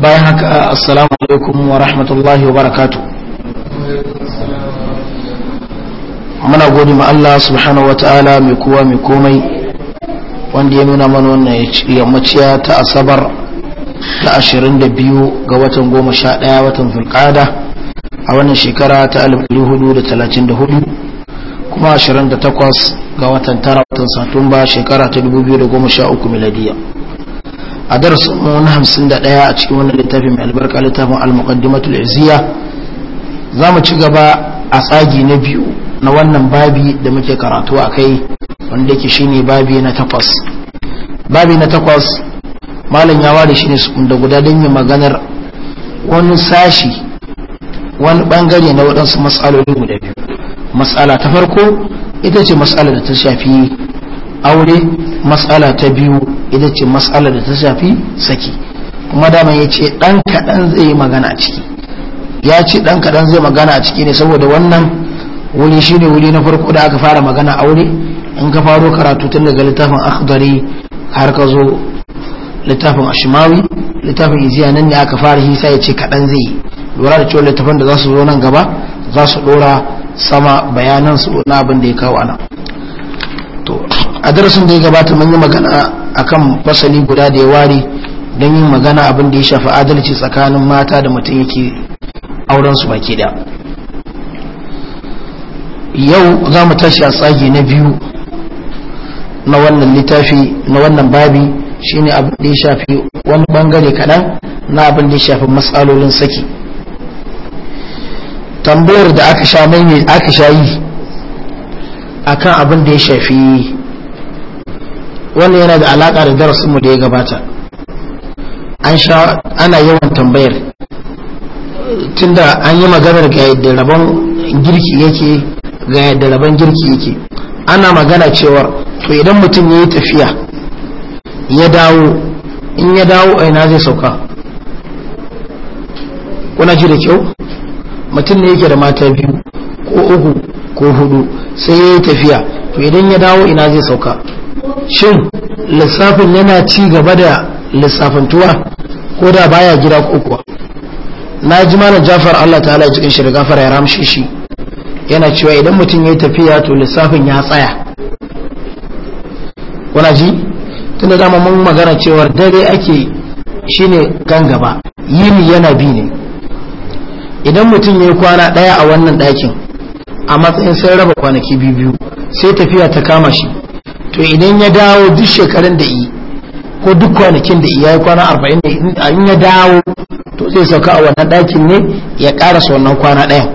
bayan haka assalamu alaikum wa rahmatullahi wa barakatu muna gode ma Allah subhanahu wa ta'ala mai kowa mai komai wanda ya nuna mana wannan yammaciya ta asabar ta 22 ga watan 11 watan zulqada a wannan shekara ta 1434 kuma 28 ga watan tara watan satumba shekara ta 2013 miladiya a darasin 51 na a cikin wannan littafi mai albarka littafin al-muqaddimatul izziya za mu ci gaba a tsagi na biyu na wannan babi da muke karatu a kai wanda yake shine babi na takwas babi na takwas malam ya ware shi ne da guda don yin maganar wani sashi wani bangare na waɗansu matsaloli guda biyu matsala ta farko ita ce matsala da ta shafi aure matsala ta biyu ita ce matsala da ta shafi saki kuma dama ya ce ɗan kaɗan zai yi magana a ciki ya ce ɗan kaɗan zai magana a ciki ne saboda wannan wuri shi ne wuri na farko da aka fara magana aure in ka faro karatu tun daga littafin akhdari har ka zo littafin ashimawi littafin iziya nan ne aka fara hisa ya ce kaɗan zai yi lura da cewa littafin da za su zo nan gaba za su ɗora sama bayanan su na abin da ya kawo ana a darasin da ya gabata mun yi magana akan fasali guda da ya ware don yin magana abin da ya shafi adalci tsakanin mata da mutum yake auren su baki da yau za mu tashi a tsage na biyu na wannan littafi na wannan babi shine abin da ya shafi wani bangare kaɗan na abin da ya shafi matsalolin saki tambayar da aka sha mai aka sha yi akan abin da ya shafi wannan yana da alaƙa da darasinmu da ya gabata an sha ana yawan tambayar tunda an yi maganar ga yadda rabon girki yake ga yadda rabon girki yake ana magana cewa to idan mutum ya yi tafiya ya dawo in ya dawo a ina zai sauka kuna ji da kyau mutum ne yake da mata biyu ko uku ko hudu sai ya yi tafiya to idan ya dawo ina zai sauka shin lissafin yana ci gaba da lissafantuwa ko da baya gida kokwa na ji malam jafar Allah ta'ala cikin shi da ya ramshe shi yana cewa idan mutum ya tafiya to lissafin ya tsaya kuna ji tunda dama mun magana cewar dare ake shine kan gaba yini yana bi ne idan mutum ya yi kwana ɗaya a wannan ɗakin a matsayin sai raba kwanaki biyu sai tafiya ta kama shi to idan ya dawo duk shekarun da yi ko duk kwanakin da iya kwana arba'in da in ya dawo to zai sauka a wannan ɗakin ne ya ƙarasa wannan kwana ɗaya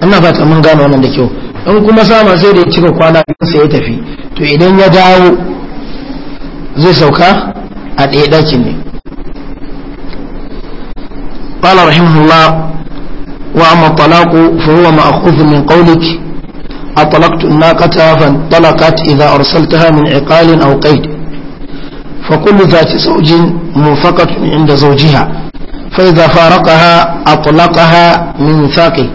ana ba ta mun gano wannan da kyau in kuma sama sai da ya cika kwana biyun sai ya tafi to idan ya dawo zai sauka a ɗaya ɗakin ne قال رحمه الله وأما الطلاق فهو مأخوذ من قولك أطلقت الناقة فانطلقت إذا أرسلتها من عقال أو قيد فكل ذات زوج منفقة عند زوجها فإذا فارقها أطلقها من ثاقه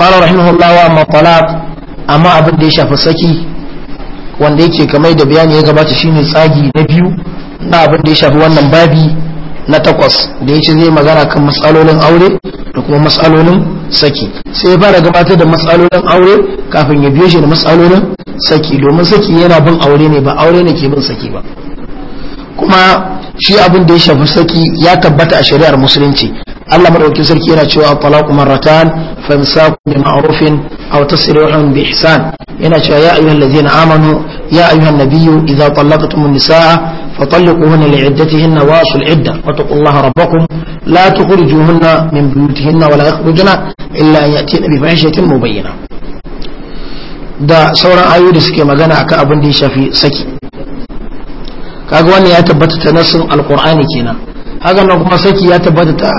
قال رحمه الله وأما طلاق أما أبن ديشا فسكي wanda yake kamar da bayani ya gabata shine tsagi na biyu na na takwas da ya ce zai magana kan matsalolin aure da kuma matsalolin saki sai ya fara gabatar da matsalolin aure kafin ya biyo shi da matsalolin saki domin saki yana bin aure ne ba aure ne ke bin saki ba kuma shi abin da ya shafi saki ya tabbata a shari'ar musulunci Allah madaukakin sarki yana cewa talaqu marratan famsaku bi ma'rufin aw tasrihun bi ihsan yana cewa ya ayyuhallazina amanu ya ayyuhan nabiyyu idza talaqtumun nisaa فطلقوهن لعدتهن واصل العدة واتقوا الله ربكم لا تخرجوهن من بيوتهن ولا يخرجن إلا أن يأتين بفاحشة مبينة da sauran ayoyi da suke magana akan abin da ya shafi saki kaga wannan ya tabbata ta nasin alqur'ani kenan haka nan kuma saki ya tabbata ta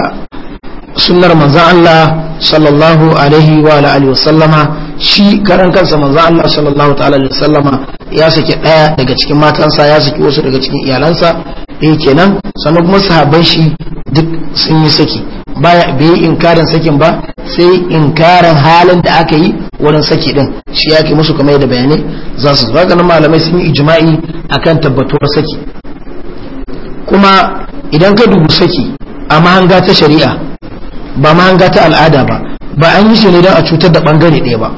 sunnar manzon Allah sallallahu alaihi wa alihi wa sallama shi karan kansa manzo Allah sallallahu ta'ala alaihi wasallama ya saki daya daga cikin matansa ya saki wasu daga cikin iyalansa eh kenan sannan kuma sahabban shi duk sun yi saki baya bai inkarin sakin ba sai inkarin halin da aka yi wurin saki din shi ke musu kamar da bayanai za su malamai sun yi ijma'i akan tabbatuwar saki kuma idan ka dubu saki a mahanga ta shari'a ba mahanga ta al'ada ba ba an yi shi ne don a cutar da bangare ɗaya ba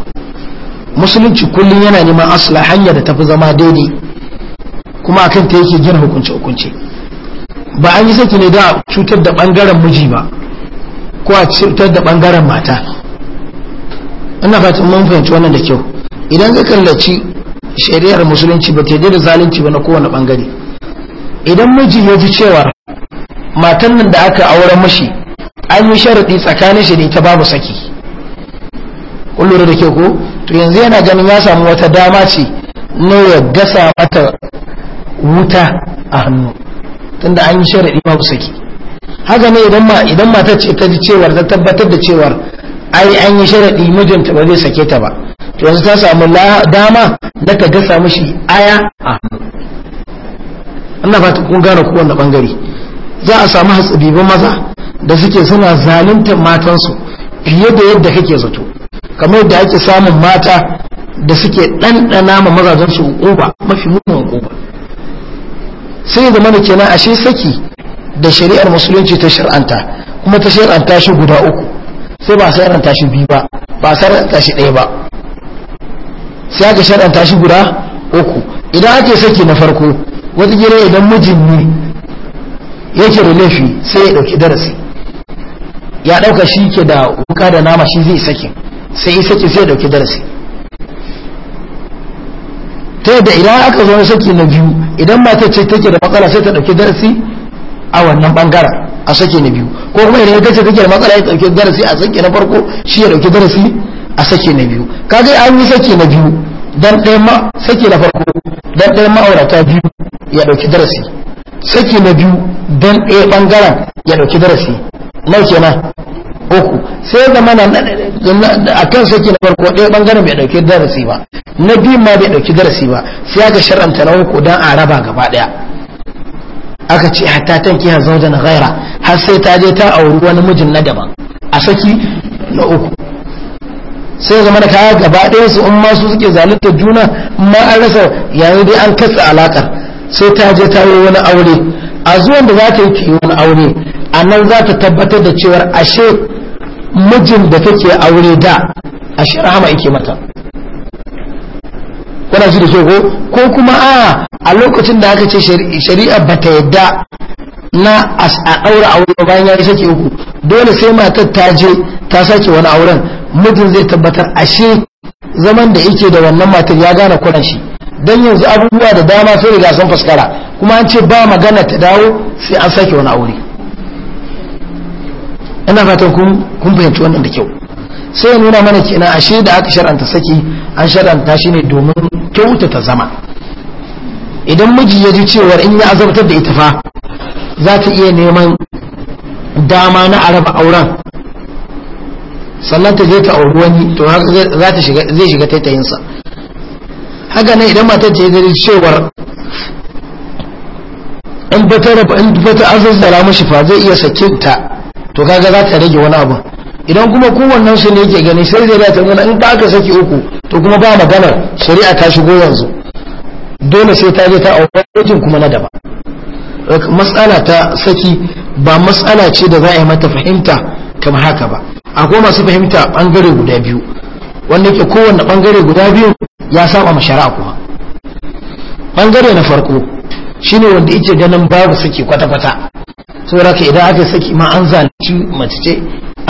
musulunci kullum yana neman asla hanya da tafi zama daidai kuma akan ta yake gina hukunce hukunce ba an yi saki ne da cutar da bangaren miji ba ko a cutar da bangaren mata ina fatan mun fahimci wannan da kyau idan ka kallaci shari'ar musulunci ba ta da zalunci ba na kowane bangare idan miji ya ji cewa matan nan da aka aure mashi an yi sharaɗi tsakanin shi da ita babu saki kun da kyau ko to yanzu yana ganin ya samu wata dama ce na ya gasa mata wuta a hannu tunda an yi sharaɗi ma ku saki haka ne idan ma idan matar ce ta ji cewar ta tabbatar da cewar ai an yi sharaɗi mijinta ba zai sake ta ba to yanzu ta samu dama na ka gasa mishi aya a hannu ina fata kun gane ku wannan bangare za a samu ba maza da suke suna zalunta matansu fiye da yadda kake zato kamar da ake samun mata da suke ɗanɗana ma mazajen su mafi munin uba sai zama da kenan ashe saki da shari'ar musulunci ta shar'anta kuma ta shar'anta shi guda uku sai ba shar'anta shi biyu ba ba shar'anta shi ɗaya ba sai aka shar'anta shi guda uku idan ake saki na farko wata gida idan mijin ne yake da laifi sai ya ɗauki darasi ya ɗauka shi ke da wuka da nama shi zai sakin sai saki sai dauki darasi ta yadda idan aka zo na saki na biyu idan matar ce take da matsala sai ta dauki darasi a wannan bangara a saki na biyu ko kuma idan ta ce take da matsala ya dauki darasi a saki na farko shi ya dauki darasi a saki na biyu kaga a yi saki na biyu dan ɗaya ma saki na farko dan ɗaya ma'aurata biyu ya dauki darasi saki na biyu dan ɗaya bangaren ya dauki darasi nau kenan uku sai da mana a kan saki na farko ɗaya ɓangaren bai ɗauki darasi ba na biyun ma bai ɗauki darasi ba sai aka shar'anta na uku don a raba gaba ɗaya aka ce hatta ah, tanki kiha zauda na gaira har sai ta je ta auri wani mijin na daban a saki na uku sai zama da kaya gaba ɗaya su in ma su suke zalunta juna ma an rasa yayin dai an katsa alakar sai ta je ta yi wani aure a zuwan da za yi ta yi wani aure a nan za ta tabbatar da cewar ashe mijin da take aure da a shirama yake mata kuna ji da ke ko ko kuma a a lokacin da aka ce shari'a ba ta yadda na a aure aure bayan ya yi sake uku dole sai matar ta je ta sake wani auren mijin zai tabbatar ashe zaman da yake da wannan matar ya gane kuran shi dan yanzu abubuwa da dama sai riga sun fuskara kuma an ce ba magana ta dawo sai an sake wani aure ina fatan kun fahimci wannan da kyau sai ya nuna mana kenan ashe da aka shar'anta saki an shar'anta shi ne domin ta zama idan miji ya ji cewar in ya azabtar da ita fa za ta iya neman dama na araba auren sannan ta je ta auri wani to zai shiga taitayinsa haka nan idan matar ta yi cewar in ba ta azazzara mashi fa zai iya sakinta. ta to kaga za ta rage wani abu idan kuma kowannen su ne yake gani sai zai ta nuna in ka aka saki uku to kuma ba magana shari'a ta shigo yanzu dole sai ta je ta aure kuma na daba matsala ta saki ba matsala ce da za a yi mata fahimta kamar haka ba akwai masu fahimta bangare guda biyu wanda ke kowanne bangare guda biyu ya saba ma shari'a kuma bangare na farko shine wanda yake ganin babu saki kwata-kwata saboda ka idan aka saki ma an zalunci mace ce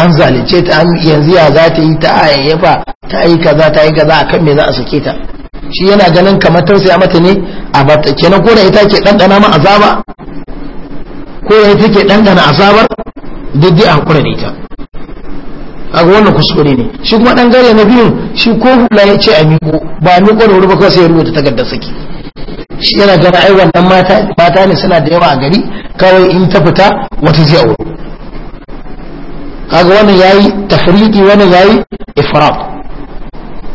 an zalunce ta yanzu ya za ta yi ta ayyafa ta yi kaza ta yi kaza akan me za a sake ta shi yana ganin kamar tausaya mata ne a bata kenan ko da ita ke dandana ma azaba ko da ita ke dandana azabar duk dai a hakura da ita a wannan kuskure ne shi kuma dangare na biyun shi ko hula ya ce a miko ba ni miko da wuri ba kawai sai ya rubuta takardar saki shi yana gana ai wannan mata ne suna da yawa a gari kawai in ta fita wata zai auri. kaga wannan yayi tafriqi wannan yayi ifrat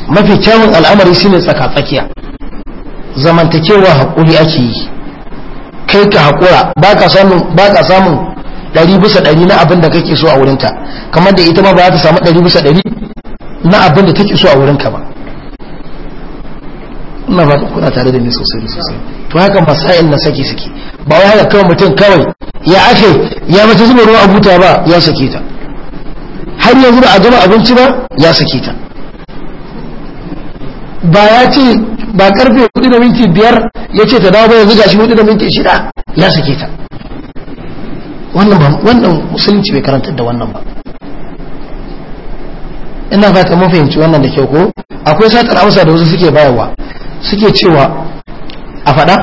mafi kyawun al'amari shine tsaka tsakiya zamantakewa hakuri ake yi kai ka hakura baka samun baka samun ɗari bisa ɗari na abin da kake so a wurinta kamar da ita ma ba za ta samu ɗari bisa ɗari na abin da take so a wurinka ba ina ba kuna tare da ni sosai da sosai to haka masail na saki saki ba wai haka kawai mutum kawai ya ake ya mace zuba ruwa a buta ba ya saki ta har yanzu ba a gama abinci ba ya saki ta ba ya ce ba karfe hudu da minti biyar ya ce ta dawo ba yanzu gashi hudu da minti shida ya saki ta wannan ba wannan musulunci bai karantar da wannan ba ina fata mun fahimci wannan da kyau ko akwai satar amsa da wasu suke bayarwa suke cewa a faɗa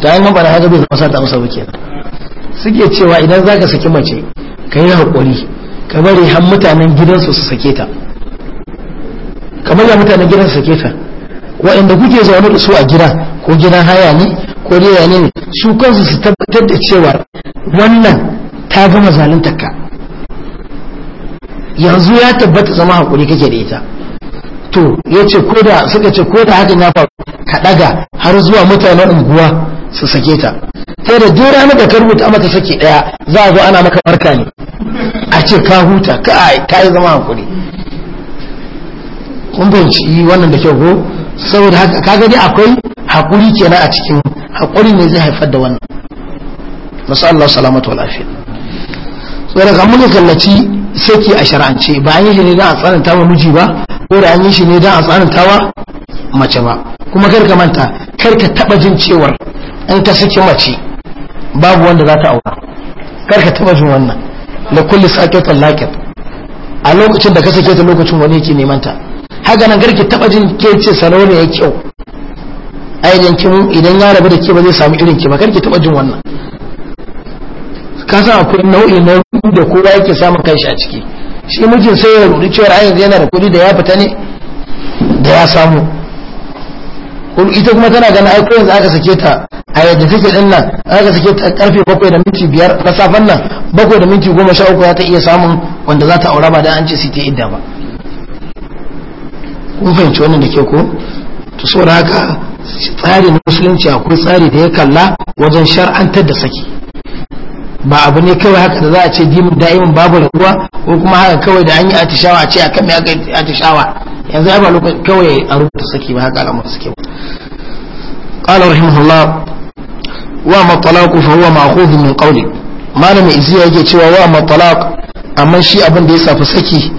ta yi faɗa haka zai zama ta musamman wuke suke cewa idan za ka saki mace ka yi haƙuri ka bari har mutanen gidansu su sake ta kamar ya mutanen gidansu sake ta waɗanda kuke zaune da su a gida ko gidan haya ne ko riya ne su kansu su tabbatar da cewa wannan ta gama zalunta ka yanzu ya tabbata zama haƙuri kake da ita to ya ce koda suka ce koda hakan ya faru ka daga har zuwa mutanen unguwa su sake ta sai da duk ranar da ka rubuta mata sake daya za a zo ana maka barka ne a ce ka huta ka yi zama hankuri kun ci wannan da kyau ko saboda haka ka gani akwai hakuri kenan a cikin hakuri ne zai haifar da wannan masu Allah salamatu wa lafiya tsoron kamun kallaci saki a shar'ance ba an yi shi ne don a tsananta wa miji ba ko da an yi shi ne don a tsananta wa mace ba kuma kar ka manta kar ka taba jin cewar an ta saki mace babu wanda za ta aura kar ka taba jin wannan da kulli sakitan laqit a lokacin da ka sake ta lokacin wani yake neman ta haka nan kar ki taba jin ke ce salo ne ya kyau ainihin kin idan ya rabu da ke ba zai samu irin ki ba kar ki taba jin wannan ka san akwai nau'in na da kowa yake samun kanshi a ciki shi mijin sai ya rudu cewar ayin yana da kuɗi da ya fita ne da ya samu ita kuma tana ganin aiko yanzu aka sake ta a yadda take din nan aka sake ta karfe 7 da minti 5 na safen nan 7 da minti 13 ya ta iya samun wanda za ta aura ba da an ce sai ta idda ba kun fahimci wannan da ke ko to saboda haka tsari na musulunci akwai tsari da ya kalla wajen shar'antar da saki ba abu ne kawai haka da za a ce dimin da'imin babu rabuwa ko kuma haka kawai da an yi atishawa a ce a kan mai yi atishawa yanzu ya ba lokacin kawai a rubuta saki ba haka alamar suke ba قال رحمه الله وما الطلاق فهو مأخوذ من قولي ما لم يزيه يجي cewa wa الطلاق amma shi abin da ya safi saki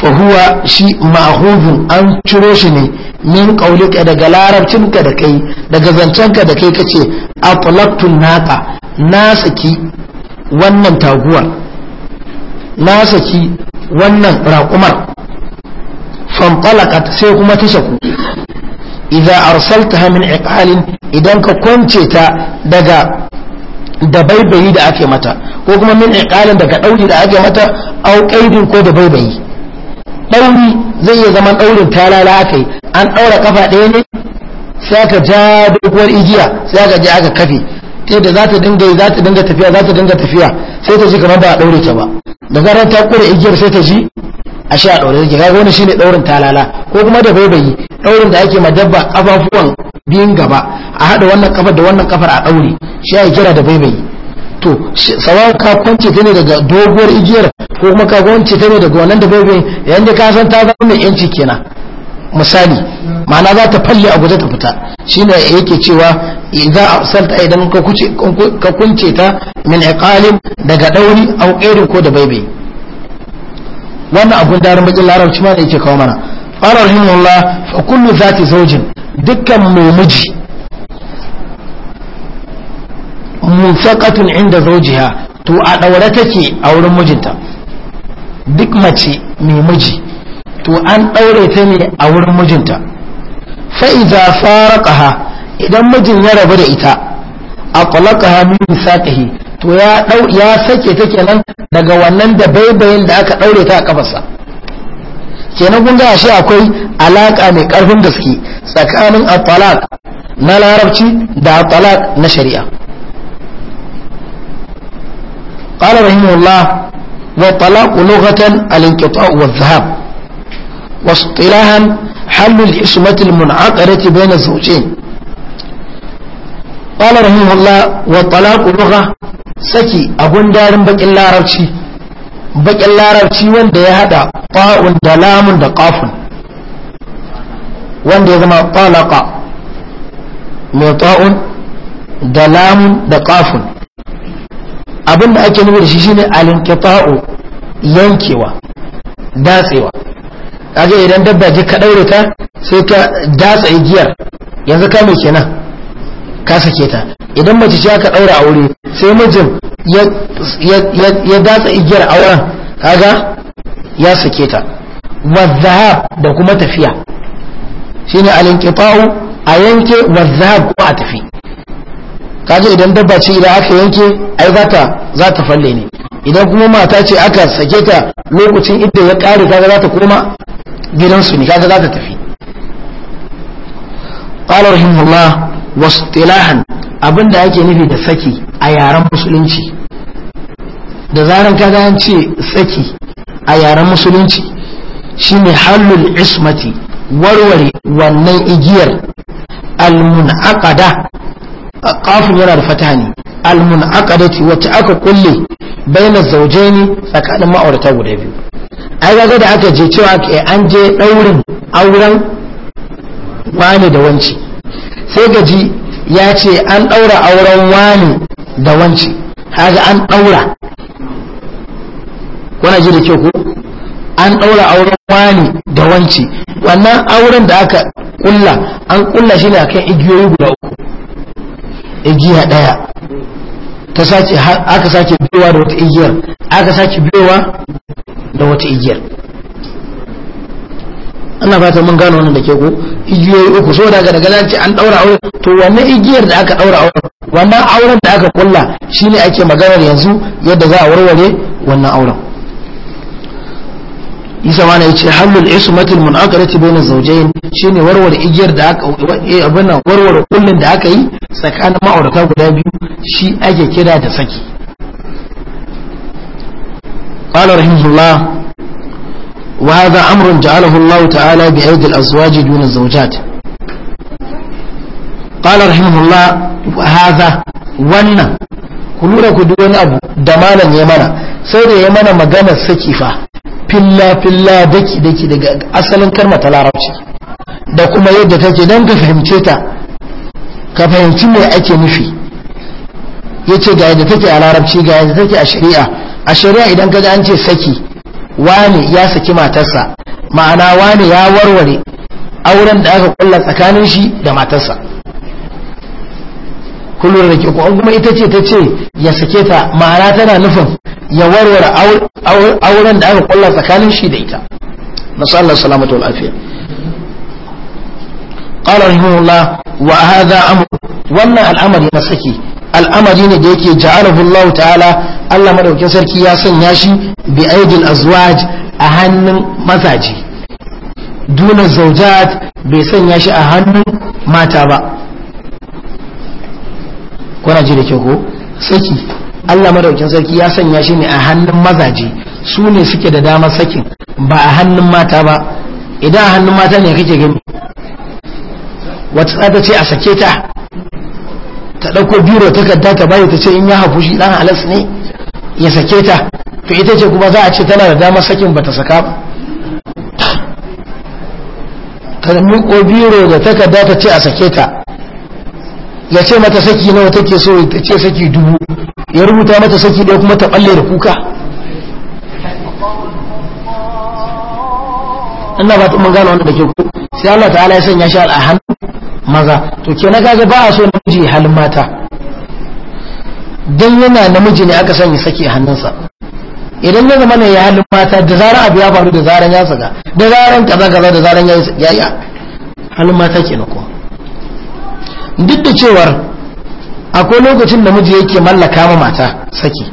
fa huwa shi ma'hudun an ciro shi ne min qaulika daga larabcinka da kai daga zancenka da kai kace atlaqtu naqa na saki wannan taguwar na saki wannan raƙumar fanfalakat sai kuma ta shaku idan arsalta min iqalin idan ka kwance ta daga da baibayi da ake mata ko kuma min iqalin daga ɗauri da ake mata au ko da baibayi ɗauri zai iya zama ɗaurin talala aka yi an ɗaura ƙafa ɗaya ne sai aka ja doguwar igiya sai aka je aka kafe ta da za ta dinga za ta dinga tafiya za ta dinga tafiya sai ta ji kamar ba a daure ta ba da zarar ta kure igiyar sai ta ji a sha daure ta ga wani shine daurin talala ko kuma da baibayi daurin da ake ma dabba abafuwan biyun gaba a hada wannan kafar da wannan kafar a daure shi ya kira da baibayi to sawa ka kwance ta ne daga doguwar igiyar ko kuma ka kwance ta ne daga wannan da baibayi yayin da ka san ta zama mai yanci kenan misali ma'ana za ta falle a guje ta fita shi shine yake cewa idan salta idan ka kunce ta min iqalin daga dauri au qairin ko da baibai wannan abun darin bakin larabci ma da yake kawo mana qala rahimahullah fa kullu zati zawjin dukkan mai miji inda zawjiha to a daure take a wurin mijinta duk mace mai miji to an ɗaure ta ne a wurin mijinta fa'iza ƙaha idan mijin ya rabu da ita aqlaqaha min saqihi to ya to ya sake ta kenan daga wannan da baibayin da aka ɗaure ta a ƙafasa kenan kun shi akwai alaƙa mai ƙarfin gaske tsakanin at-talaq na larabci da at na shari'a qala rahimahullah wa talaq lughatan wa zahab. واصطلاحا حل الإسمة المنعقدة بين الزوجين قال رحمه الله وطلاق لغة سكي أبن دار بك الله ربشي بك الله ربشي وان دي هذا طاء دلام دقاف وان دي ذما طلق مطاء دلام دقاف abin da ake nufi da shi shine alinkita'u yankewa datsewa Kaje idan dabba ji ka daure ta sai ka datsa igiyar yanzu ka mai kenan ka sake ta idan mace ce aka daura aure sai mijin ya datsa igiyar auren kaga ya sake ta Was-zahab da kuma tafiya shine al a yanke was-zahab ko a tafi kaje idan dabba ce idan aka yanke ai za ta za ta falle ne idan kuma mata ce aka sake ta lokacin idan ya kare kaga za ta koma gidansu ne kaga za ta tafi qala rahimahullah wastilahan abinda ake nufi da saki a yaren musulunci da zaran kaga an ce saki a yaren musulunci shine halul ismati warware wannan igiyar almunaqada kafin yana da fata ne almunaqadati wacce aka kulle baina zawjaini tsakanin ma'aurata guda biyu ai ga da aka je cewa ke an je daurin auren wani da wanci sai gaji ya ce an daura auren wani da wanci haga an daura kuna ji da ke ku? an daura auren wani da wanci wannan auren da aka kulla an kulla shi ne akan igiyoyi guda uku igiya daya ta sace aka sace biyowa da wata igiyar aka sace biyowa da wata igiyar ana fata mun gano wannan da ke ko igiyoyi uku so daga daga nan ce an daura aure to wannan igiyar da aka daura aure wannan auren da aka kulla shine ake maganar yanzu yadda za a warware wannan auren isa mana yace halul ismatul munaqarati bayna zawjayn shine warware igiyar da aka eh, abin nan warware kullun da aka yi tsakanin ma'aurata guda biyu shi ake kira da saki qala rahimahullah wa hadha amrun ja'alahu Allah ta'ala bi aidi al-azwaj duna zawjat qala rahimahullah hadha wannan ku lura ku duk wani abu da malam ya mana sai da ya mana maganar saki fa filla filla daki daki daga asalin karma ta larabci da kuma yadda take don ka fahimce ta ka fahimci me ake nufi yace ga yadda take a larabci ga yadda take a shari'a a shari'a idan ka an ce saki wani ya saki matarsa ma'ana wani ya warware auren da aka kulla tsakanin shi da matarsa kullum da ke kuma ita ce ta ce ya sake ta ma'ana tana nufin ya warware auren da aka kulla tsakanin shi da ita nasu Allah salamatu wal afiya qala rahimahullah wa hadha amr wannan al'amari na saki al'amari ne da yake ja'alahu Allah ta'ala Allah Madaukin sarki ya sanya shi bi aidil azwaj a hannun mazaji duna zaujat bai sanya shi a hannun mata ba kuna ji da ke ko saki Allah madaukin sarki ya sanya shi ne a hannun mazaje su ne suke da damar sakin ba a hannun mata ba idan a hannun mata ne kake gani wata tsada ce a sake ta ta ɗauko biro takarda ta bari ta ce in ya hafu shi ɗan halas ne ya sake ta to ita ce kuma za a ce tana da damar sakin ba ta saka ba ta miƙo biro da takarda ta ce a sake ta ya ce mata saki nawa take so ta ce saki dubu ya rubuta mata saki da kuma ta balle da kuka ina ba ta mun gano wanda da ke ku sai Allah ta'ala ya sanya shi a hannu maza to ke na gaza ba a so namiji halin mata don yana namiji ne aka sanya saki a hannunsa idan ya zama ne ya halin mata da zaran abu ya faru da zaran ya saka da zaran kaza kaza da zaran ya yi halin mata ke na ko duk da cewar akwai lokacin da miji yake mallaka ma mata saki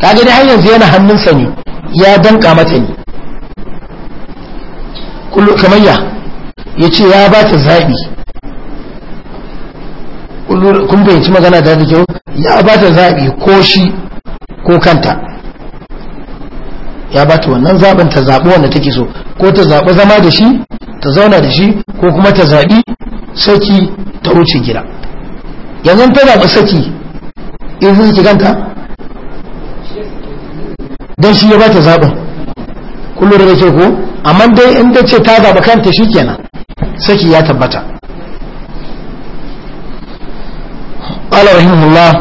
kaga dai har yanzu yana hannunsa ne ya danka mata ne kullu kamayya yace ya ba ta zabi kun ci magana da dake ya ba ta zabi ko shi ko kanta ya ba ta wannan zaben ta zabi wanda take so ko ta zabi zama da shi ta zauna da shi ko kuma ta zabi saki ta wuce gida yanzu ta zaɓi saki izin ki ganta don shi ya ba ta kullum da ke ko amma dai in ta ce ta zaɓi kanta shi kenan saki ya tabbata ƙwallar rahimullah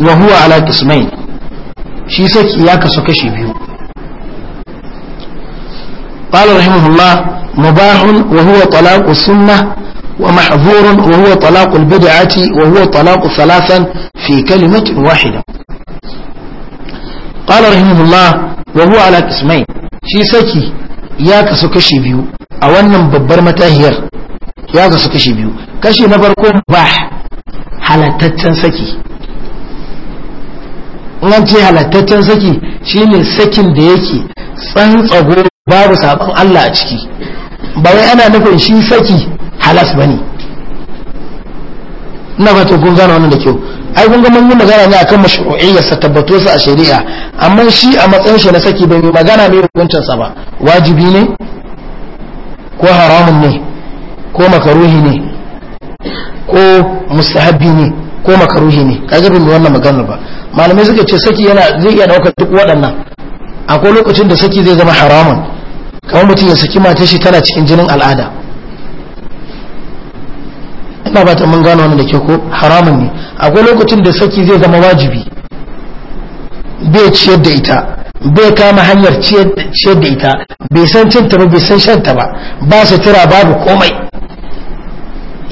wa huwa ala kismain shi saki ya kasu kashi biyu قال رحمه الله مباح وهو طلاق السنة ومحظور وهو طلاق البدعة وهو طلاق ثلاثا في كلمة واحدة قال رحمه الله وهو على قسمين شي سكي يا كسو كشي بيو a wannan babbar matahiyar ya gasu kashi biyu kashi na farko ba halattaccen halattaccen saki shine sakin da yake tsantsago babu sabon Allah a ciki ba wai ana nufin shi saki halas bane ina ba to kun gane wannan da kyau ai kun ga mun yi magana ne akan mashru'iyyar sa tabbato sa a shari'a amma shi a matsayin shi na saki bai yi magana mai hukuncin sa ba wajibi ne ko haramun ne ko makaruhi ne ko mustahabi ne ko makaruhi ne kaga bin wannan magana ba malamai suka ce saki yana zai iya daukar duk waɗannan akwai lokacin da saki zai zama haramun kawo mutum ya saki matar shi tana cikin jinin al'ada ina ba ta mun gano wani da ke ko haramun ne akwai lokacin da saki zai zama wajibi bai ciyar da ita bai kama hanyar ciyar da ita bai san cinta ba bai san shanta ba ba su tura babu komai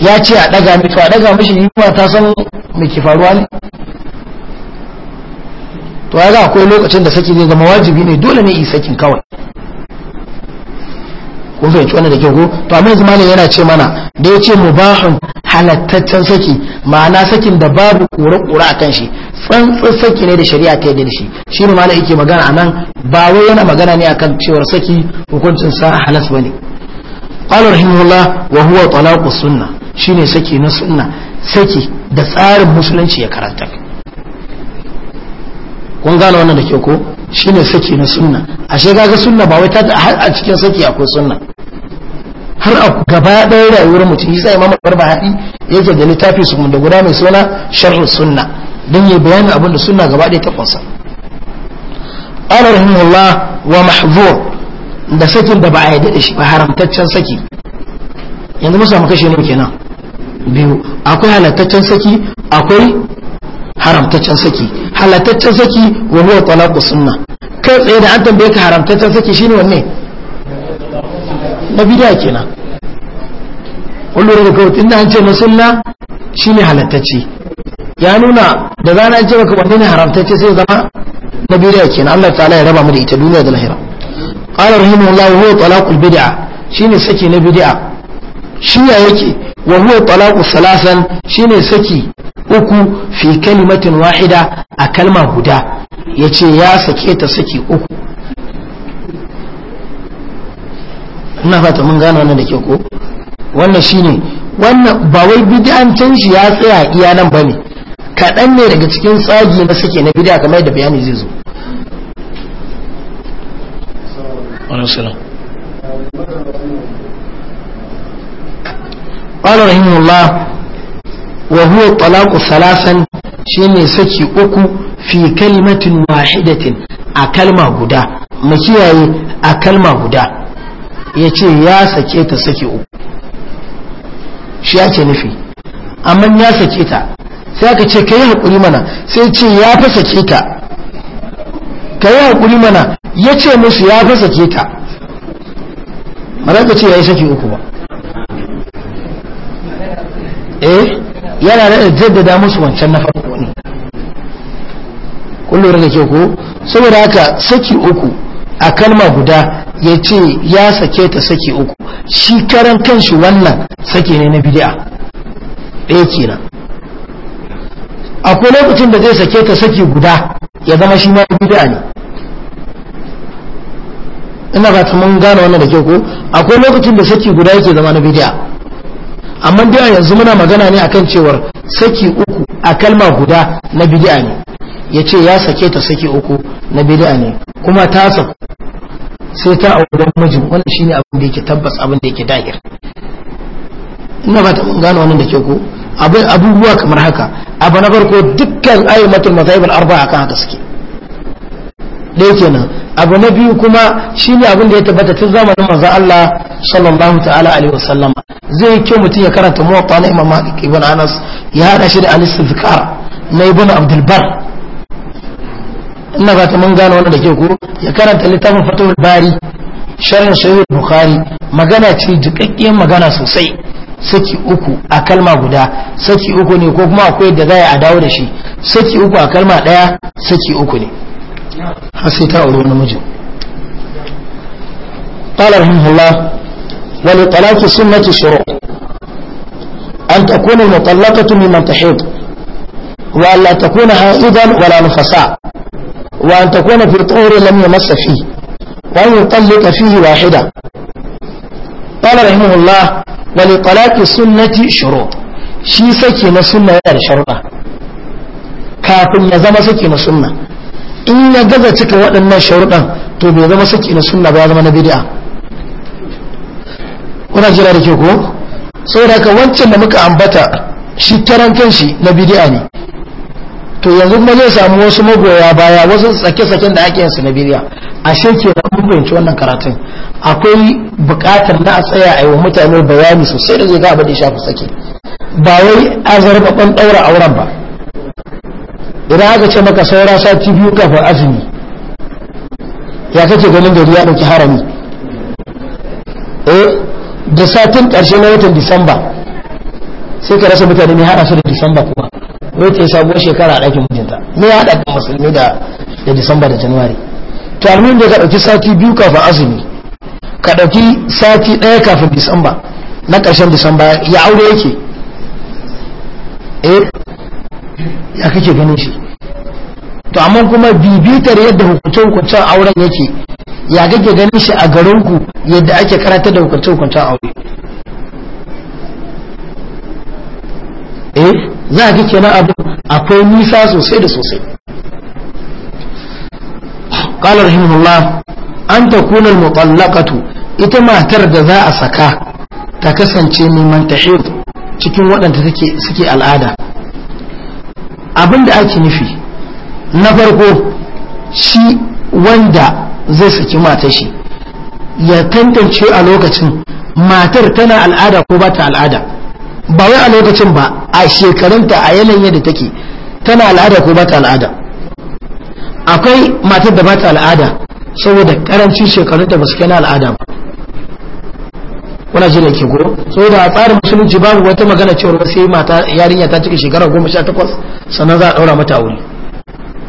ya ce a daga mutu a daga mashi yi ta san mai ke faruwa ne to ya ga akwai lokacin da saki zai zama wajibi ne dole ne yi sakin kawai kun fahimci wannan da kyau ko to amma yanzu malamin yana ce mana da yace ce mubahun halattaccen saki ma'ana sakin da babu kura-kura a kan shi tsantsan saki ne da shari'a ta yadda shi shine malamin ike yake magana anan ba wai yana magana ne akan cewar saki hukuncin sa halas bane qala rahimahullah wa huwa talaqus sunna shine saki na sunna saki da tsarin musulunci ya karanta kun gane wannan da kyau ko shine saki na sunna ashe kaga sunna ba wai ta a cikin saki akwai sunna har a gaba ɗaya rayuwar mutum isa imam al-barbahari yake da littafi su da guda mai suna sharh sunna dan yi bayanin abin da sunna gaba ɗaya ta kunsa qala rahimahullah wa mahzur da sakin da ba a yadda shi ba haramtaccen saki yanzu musa mu kashe ne kenan biyu akwai halattaccen saki akwai haramtaccen saki halattaccen saki wa huwa talaqu sunna kai tsaye da an tambaye ka haramtaccen saki shine wanne na bid'a kenan kullum da kawai tunda an ce na sunna shine halattacce ya nuna da zana an ce maka wanne ne haramtacce sai zama na bid'a kenan Allah ta'ala ya raba mu da ita duniya da lahira qala rahimahullah huwa talaqul bid'a shine saki na bid'a shi ya yake wa huwa talaqu salasan shine saki uku fi kalimatin wahida a kalma guda yace ya sake ta saki uku ina fata mun gano wannan da ke ko wannan shine wannan ba wai bid'ancin shi ya tsaya iya nan bane kaɗan ne daga cikin tsagi na sake na bid'a kamar da bayani zai zo قال رحمه الله وهو الطلاق ثلاثا شيني سكي أكو في كلمة واحدة أكلمة هدى مكياي أكلمة هدى يتي يا سكيت سكي أكو شياتي نفي أما يا سكيتا سيكي تكيه قريمنا سيكي يا فسكيتا ka yi haƙuri mana ya ce musu ya fasa ke ta ba za ka eh yana da jaddada musu wancan na farko ne kullum da ke ko saboda haka saki uku a kalma guda ya ce ya sake ta saki uku shi karan kanshi wannan sake ne na bid'a ɗaya kenan akwai lokacin da zai sake ta saki guda ya zama shi ma bid'a ne ina ba ta mun gane wannan da ke ko akwai lokacin da saki guda yake zama na bid'a amma dai yanzu muna magana ne akan cewar saki uku a kalma guda na bid'a ne ya ce ya sake ta saki uku na bid'a ne kuma ta saku sai ta auren mijin wannan shine abin da yake tabbas abin da yake dahir ina ba ta gano wannan da ke ko abubuwa kamar haka abu na farko dukkan ayyukan mazhabin arba'a kan haka suke ɗaya kenan abu na biyu kuma shine abin da ya tabbata tun zamanin maza Allah sallallahu ta'ala alaihi wasallam zai yi kyau mutum ya karanta muwatta na Imam Malik ibn Anas ya hada shi da al-Istighfar na Ibn Abdul Bar ina mun gane wannan da ke ko ya karanta littafin Fathul Bari sharhin Sahih Bukhari magana ce jikakkiyar magana sosai saki uku a kalma guda saki uku ne ko kuma akwai da za a dawo da shi saki uku a kalma daya saki uku ne حسيت أولي المجد قال رحمه الله ولطلاق سنة شروع أن تكون المطلقة ممن تحيد وأن لا تكون حائدا ولا نفساء وأن تكون في طور لم يمس فيه وأن يطلق فيه واحدة قال رحمه الله ولطلاق سنة شروع شيسكي نسنة يا رشرنا كافل يزمسكي نسنة in ya gaza cika waɗannan sharuɗan to bai zama saki na sunna ba ya zama na bid'a kuna jira da ke ko saboda ka wancan da muka ambata shi taran kanshi na bid'a ne to yanzu kuma zai samu wasu magoya baya wasu tsake-tsaken da ake yansu na bid'a a shirke na mugunci wannan karatun akwai buƙatar na a tsaya a yi wa mutane bayani sosai da zai ga abin da ya shafi sake ba wai ɗan ɗaura auren ba idan aka ce maka saura sati biyu kafin azumi ya kake ganin gari ya ɗauki harami eh da satin ƙarshe na watan disamba sai ka rasa mutane ne haɗa su da disamba kuma wai ta yi sabuwar shekara a ɗakin mijinta ne ya haɗa da musulmi da disamba da januwari to almin da ka ɗauki sati biyu kafin azumi ka ɗauki sati ɗaya kafin disamba na ƙarshen disamba ya aure yake eh ya kake ganin shi to amma kuma bibitar yadda hukunce-hukuncen auren yake ya kake ganin shi a garinku yadda ake karanta da hukunce-hukuncen aure eh za ka kenan abu akwai nisa sosai da sosai قال رحمه الله an ta kunar mutallakatu ita matar da za a saka ta kasance neman tahir cikin waɗanda suke al'ada abin da ake nufi na farko shi wanda zai saki matar shi ya tantance a lokacin matar tana al'ada ko ba ta al'ada ba wai a lokacin ba a shekarunta a yanayin yadda take tana al'ada ko ba ta al'ada akwai matar da ba ta al'ada saboda karancin shekarunta ba su kai na al'ada ba kuna shi da ke ko so da tsarin musulunci babu wata magana cewar sai mata yarinya ta cika shekara goma sha takwas sannan za a daura mata aure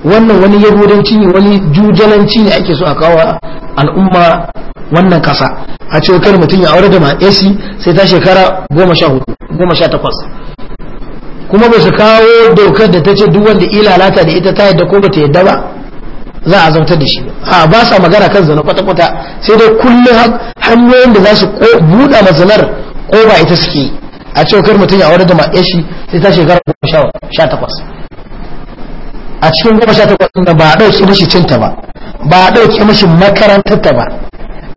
wannan wani yahudanci ne wani jujalanci ne ake so a kawo al'umma wannan kasa a ce kar mutum ya aure da ma AC sai ta shekara goma sha hudu goma sha takwas kuma ba su kawo dokar da ta ce duk wanda ilalata da ita ta yadda ko ba ta yadda ba za a zautar da shi a ba sa magana kan zina kwata-kwata sai dai kullum hanyoyin da za su buɗa mazinar ko ba ita suke a cewa kar mutum ya aure da maɗe shi sai ta shekara goma sha takwas a cikin goma sha takwas da ba a ɗauke mashi cinta ba ba a ɗauke mashi makarantarta ba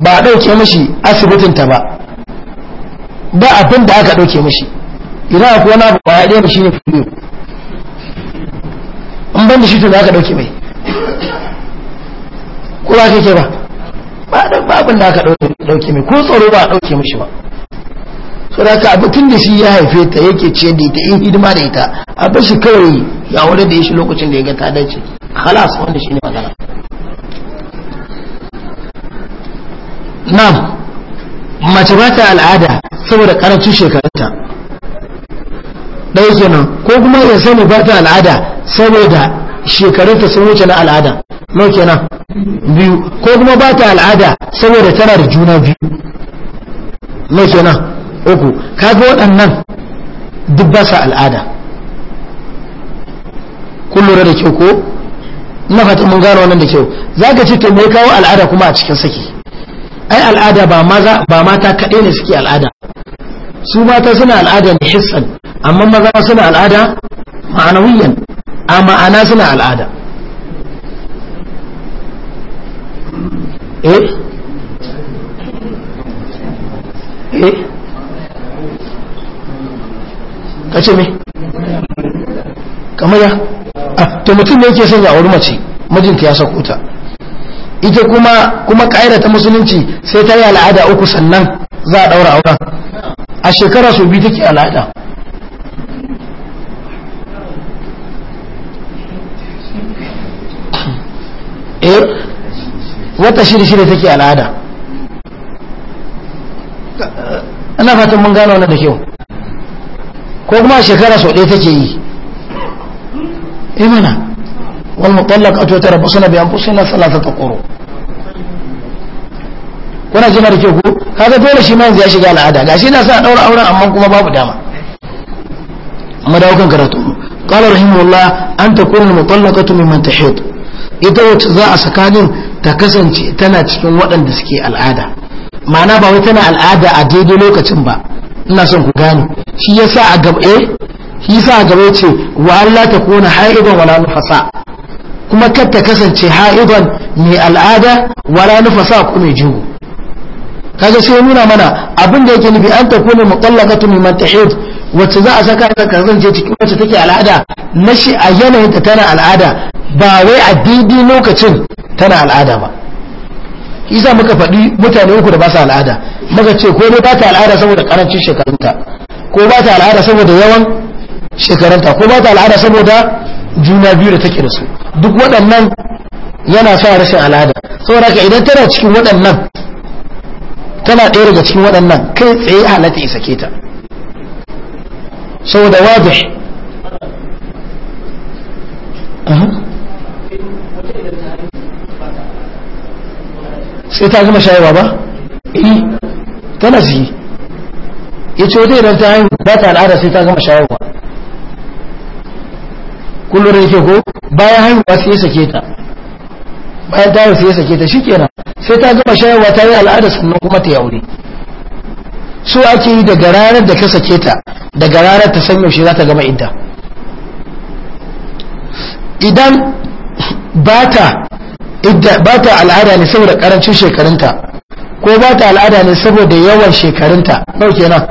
ba a ɗauke mashi asibitinta ba ba abin da aka ɗauke mashi idan akwai wani abu ba a ɗaya ba shi ne fuliyo in ban da shi tun da aka ɗauke mai ko ba ke ba ba abin da aka dauke mai ko tsaro ba a dauke mishi ba so da ka abu tun da shi ya haife ta yake ce da ita in hidima da ita a bar shi kawai ya wani da ya shi lokacin da ya ga ta halas wanda shi ne magana na mace ba ta al'ada saboda karancin shekarunta ɗaya kenan ko kuma ya sani ba ta al'ada saboda shekarunta sun wuce na al'ada nau kenan biyu ko kuma ba ta al'ada saboda tana da juna biyu nau kenan uku kaga waɗannan dubbasa sa al'ada kun lura da kyau ko na fata mun gano wannan da kyau za ka ce to me kawo al'ada kuma a cikin saki ai al'ada ba maza ba mata kaɗai ne suke al'ada su mata suna al'ada da hissan amma maza suna al'ada ma'anawiyan a ma'ana suna al'ada eh eh kace me kamar ya ah, to mutum ne yake son ya auri mace mijinta ya sako ta ita kuma kuma ƙa'ida ta musulunci sai ta yi al'ada uku sannan za a ɗaura auren a shekara su biyu take al'ada Eh, wata shida shida take al'ada ana fatan mun gano wannan da kyau ko kuma shekara sau ɗaya take yi imana eh, wal mutallaq ato tara busuna bi anfusina ta quru kuna jima da kyau ko kaga dole shi ma yanzu ya shiga al'ada gashi na sa daura auren amma kuma babu dama amma dawo kan karatu qala rahimullah an kullu mutallaqatu mimman tahid ita wacce za a sakanin ta kasance tana cikin waɗanda suke al'ada ma'ana ba wai tana al'ada a daidai lokacin ba ina son ku gane shi yasa a gaba eh, shi a gaba ce wa Allah ta kona haiban wala nufasa kuma kar ta kasance haiban mai al'ada wala nufasa ko mai jiwo kaga sai nuna mana abin da yake nufi an ta kona muqallaqatu mimman tahid wacce za a saka ta kasance cikin wacce take al'ada na shi a yanayin ta tana al'ada ba wai a daidai lokacin tana al'ada ba isa muka faɗi mutane uku da ba su al'ada muka ce ko ba ta al'ada saboda karancin shekarunta ko ba ta al'ada saboda yawan shekarunta ko ba ta al'ada saboda juna biyu da take da su duk waɗannan yana sa rashin al'ada saboda ka idan tana cikin waɗannan tana ɗaya daga cikin waɗannan kai tsaye halatta isa ke ta saboda wajish sai ta gama shayarwa ba eh tana ciki ya ce wata idan ta haihu ba ta al'ada sai ta gama shayarwa kullum da yake ko bayan haihuwa sai ya sake ta bayan ta sai ya sake ta shikenan sai ta gama shayarwa ta yi al'ada sannan kuma ta yaure su ake yi daga ranar da ka sake ta daga ranar ta san yaushe za ta gama idda idan ba ta al'ada ne saboda karancin shekarunta ko ba ta al'ada ne saboda yawan shekarunta nau kenan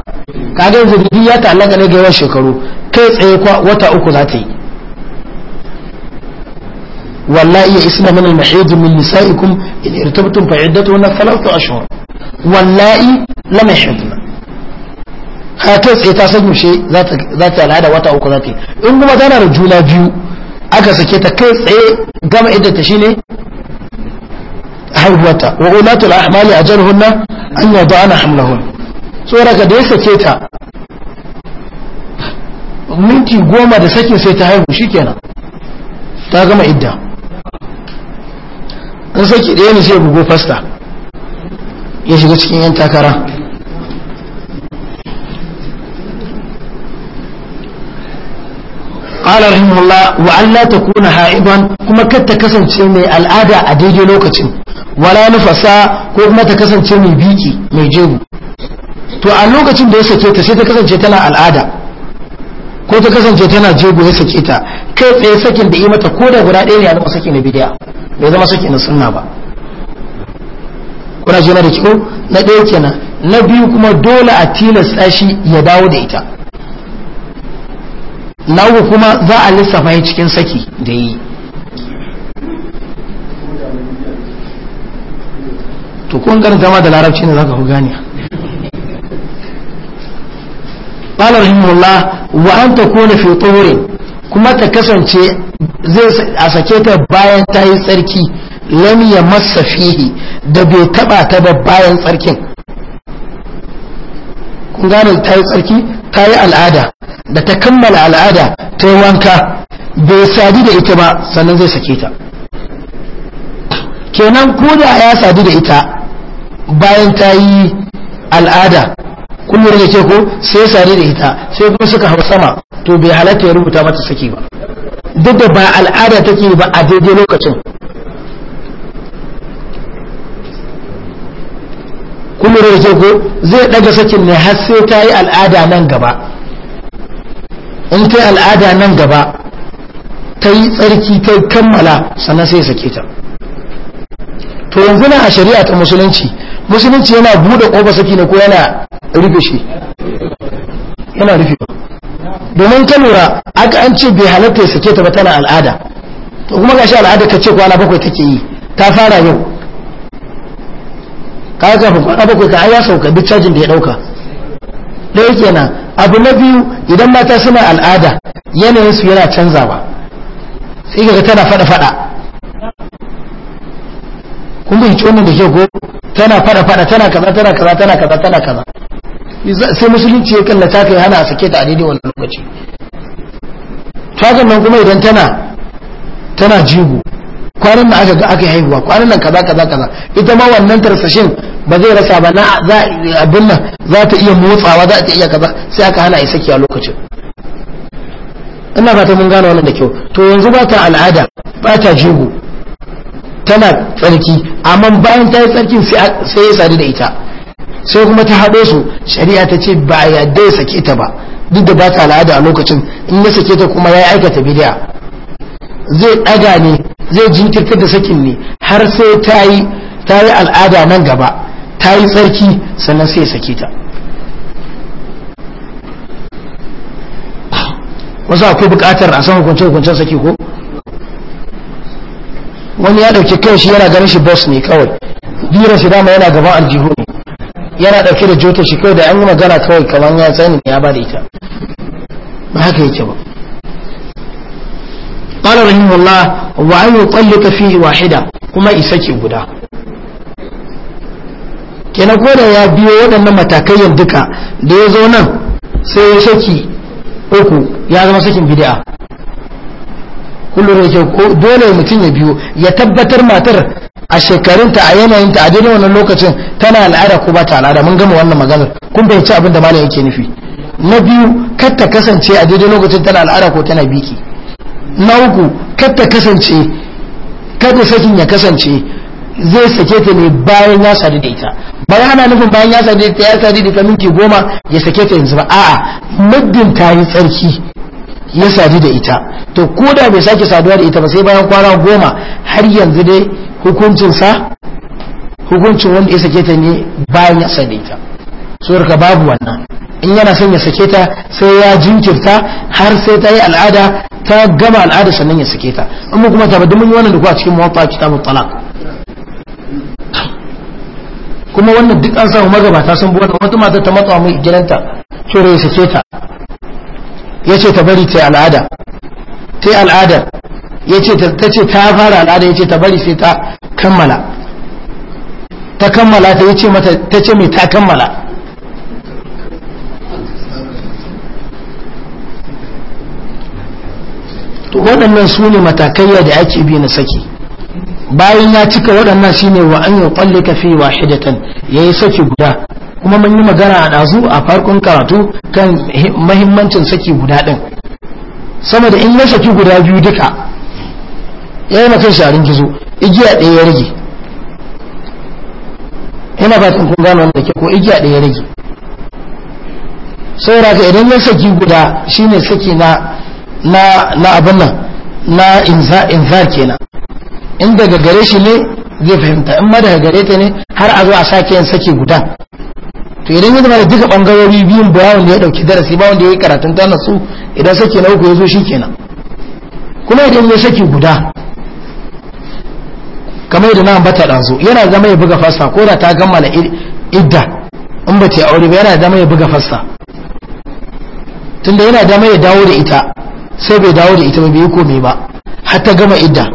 nan yanzu biki ya ta'allaka ne ga yawan shekaru kai tsaye kwa wata uku za ta yi wallahi ya isna min al-mahid min nisa'ikum in irtabtum fa iddatuhunna thalathatu ashhur wallahi la yahidna ha ta tsaye ta san yaushe za ta al'ada wata uku za ta yi in kuma tana da juna biyu aka sake ta kai tsaye gama idda ta shine haihuwata wa ulatul ahmali ajalhunna an ana hamlahun tsoraka da ya sake ta minti goma da sakin sai ta haihu shikenan ta gama idda in saki ɗaya ne sai ya bugo fasta ya shiga cikin yan takara قال رحمه الله وألا تكون هائبا كما كتا كسن تشمي الآداء أديجي لوكتن ولا نفسا كما تكسن تشمي بيكي ميجيبو to a lokacin da ya كسن ta sai ta kasance tana al'ada ko ta kasance tana jego ya sake ta kai tsaye sakin da imata ko da guda ɗaya ne a zama sake na bidiya bai zama saki na sunna ba kuna jina da kyau na ɗaya kenan na biyu kuma dole a tilasta shi ya dawo da ita na uku kuma za a lissafa yi cikin saki da yi gani zama da larabci ne za ka gani ƙwalar himmullah wa an ta kone fetorin kuma ta kasance zai a sake ta bayan ta yi tsarki lamiya masa fihi da bai taba ta ba bayan tsarkin kun gane ta yi tsarki ta yi al'ada da ta kammala al'ada ta yi wanka bai sadu da ita ba sannan zai sake ta kenan koda ya sadi da ita bayan ta yi al'ada kun da ke ko sai sadu da ita sai kuma suka hau sama to bai halatta ya rubuta mata saki ba duk da ba al'ada take ba a daidai lokacin kullum da ke ko zai daga sakin ne har sai ta yi al'ada nan gaba in kai al'ada nan gaba ta yi tsarki ta kammala sannan sai sake ta to yanzu na a shari'a ta musulunci musulunci yana buɗe ƙofa saki ne ko yana rufe shi yana rufe domin ka lura aka an ce bai halatta ya sake ta ba tana al'ada to kuma shi al'ada ka ce kwana bakwai take yi ta fara yau ka kafin kwana bakwai ka ayyasa ka sauka duk cajin da ya ɗauka. ɗaya kenan abu na biyu idan mata suna al'ada yanayinsu yana canzawa sai ga tana fada fada kun bai wannan da ke ko tana fada fada tana kaza tana kaza tana kaza tana kaza sai musulunci ya kallata kai hana a sake ta a daidai wannan lokaci fagan nan kuma idan tana tana jigo kwanan nan aka ga aka haihuwa kwanan nan kaza kaza kaza ita ma wannan tarsashin ba zai rasa ba na abin nan za ta iya motsawa za ta iya kaza sai aka hana isa a lokacin ina fata mun gane wannan da kyau to yanzu ba ta al'ada ba ta jigo tana tsarki amma bayan ta yi tsarkin sai ya sadu da ita sai kuma ta haɗo su shari'a ta ce ba ya dai sake ta ba duk da ba ta al'ada a lokacin in ya sake ta kuma ya aikata bidiya zai ɗaga ne zai jinkirtar da sakin ne har sai ta yi al'ada nan gaba ta yi tsarki sannan sai ya sake ta wasu akwai bukatar a saman hukunce hukuncin saki ko wani ya dauke kawai shi yana ganin shi boss ne kawai dira shi dama yana gaban aljihu ne yana dauke da jota shi kawai da an yi magana kawai kamar ya tsani ya ba da ita ba haka yake ba قال رحمه الله وأن يطلق فيه واحدة كما ke guda. kenan ko ya biyo waɗannan matakayyar duka da ya zo nan sai ya saki uku ya zama sakin bid'a kullum da ke dole mutum ya biyo ya tabbatar matar a shekarunta a yanayinta a daidai wannan lokacin tana al'ada ko ba ta al'ada mun gama wannan maganar kun fahimci abin da malam yake nufi na biyu kar ta kasance a daidai lokacin tana al'ada ko tana biki na uku kar ta kasance kada sakin ya kasance zai sake ta ne bayan ya sadu da ita bayan hana nufin bayan ya sadu da ita ya sadu da ita minti goma ya sake ta yanzu ba a'a muddin ta yi tsarki ya sadu da ita to ko da bai sake saduwa da ita ba sai bayan kwana goma har yanzu dai hukuncinsa hukuncin wanda ya sake ta ne bayan ya sadu da ita tsoraka babu wannan in yana son ya sake ta sai ya jinkirta har sai ta yi al'ada ta gama al'ada sannan ya sake ta amma kuma ta bada mun yi wannan da kuwa cikin mawafa kitabun talak kuma wannan duk an samu magabata sun buwata wata mata ta matsa mai gidanta cewa ya sake ta ya ce ta bari ta al'ada ta al'ada ya ce ta ce ta fara al'ada ya ce ta bari sai ta kammala ta kammala ta ce mata ta ce mai ta kammala to waɗannan su ne matakaiya da ake bi na saki bayan ya cika waɗannan shine wa an yuqallika fi wahidatan yayi saki guda kuma mun yi magana a dazu a farkon karatu kan mahimmancin saki guda din sama da in ya saki guda biyu duka yayi maka sharin gizo igiya ɗaya ya rage ina fatan kun gano wanda ke ko igiya ɗaya ya rage saboda ka idan ya saki guda shine saki na na abin nan na za kenan in daga gare shi ne zai fahimta in ma daga gare ta ne har a zo a sake yin sake guda to idan ya zama da duka bangarori biyun ba da ya dauki darasi ba wanda ya yi karatun ta nasu idan sake na uku ya zo shi kenan kuma idan ya sake guda kamar yadda na ambata ɗazu yana zama ya buga fassa ko da ta gammala idda in ba ta aure ba yana zama ya buga fassa tunda yana zama ya dawo da ita sai bai dawo da ita ba bai yi komai ba har ta gama idda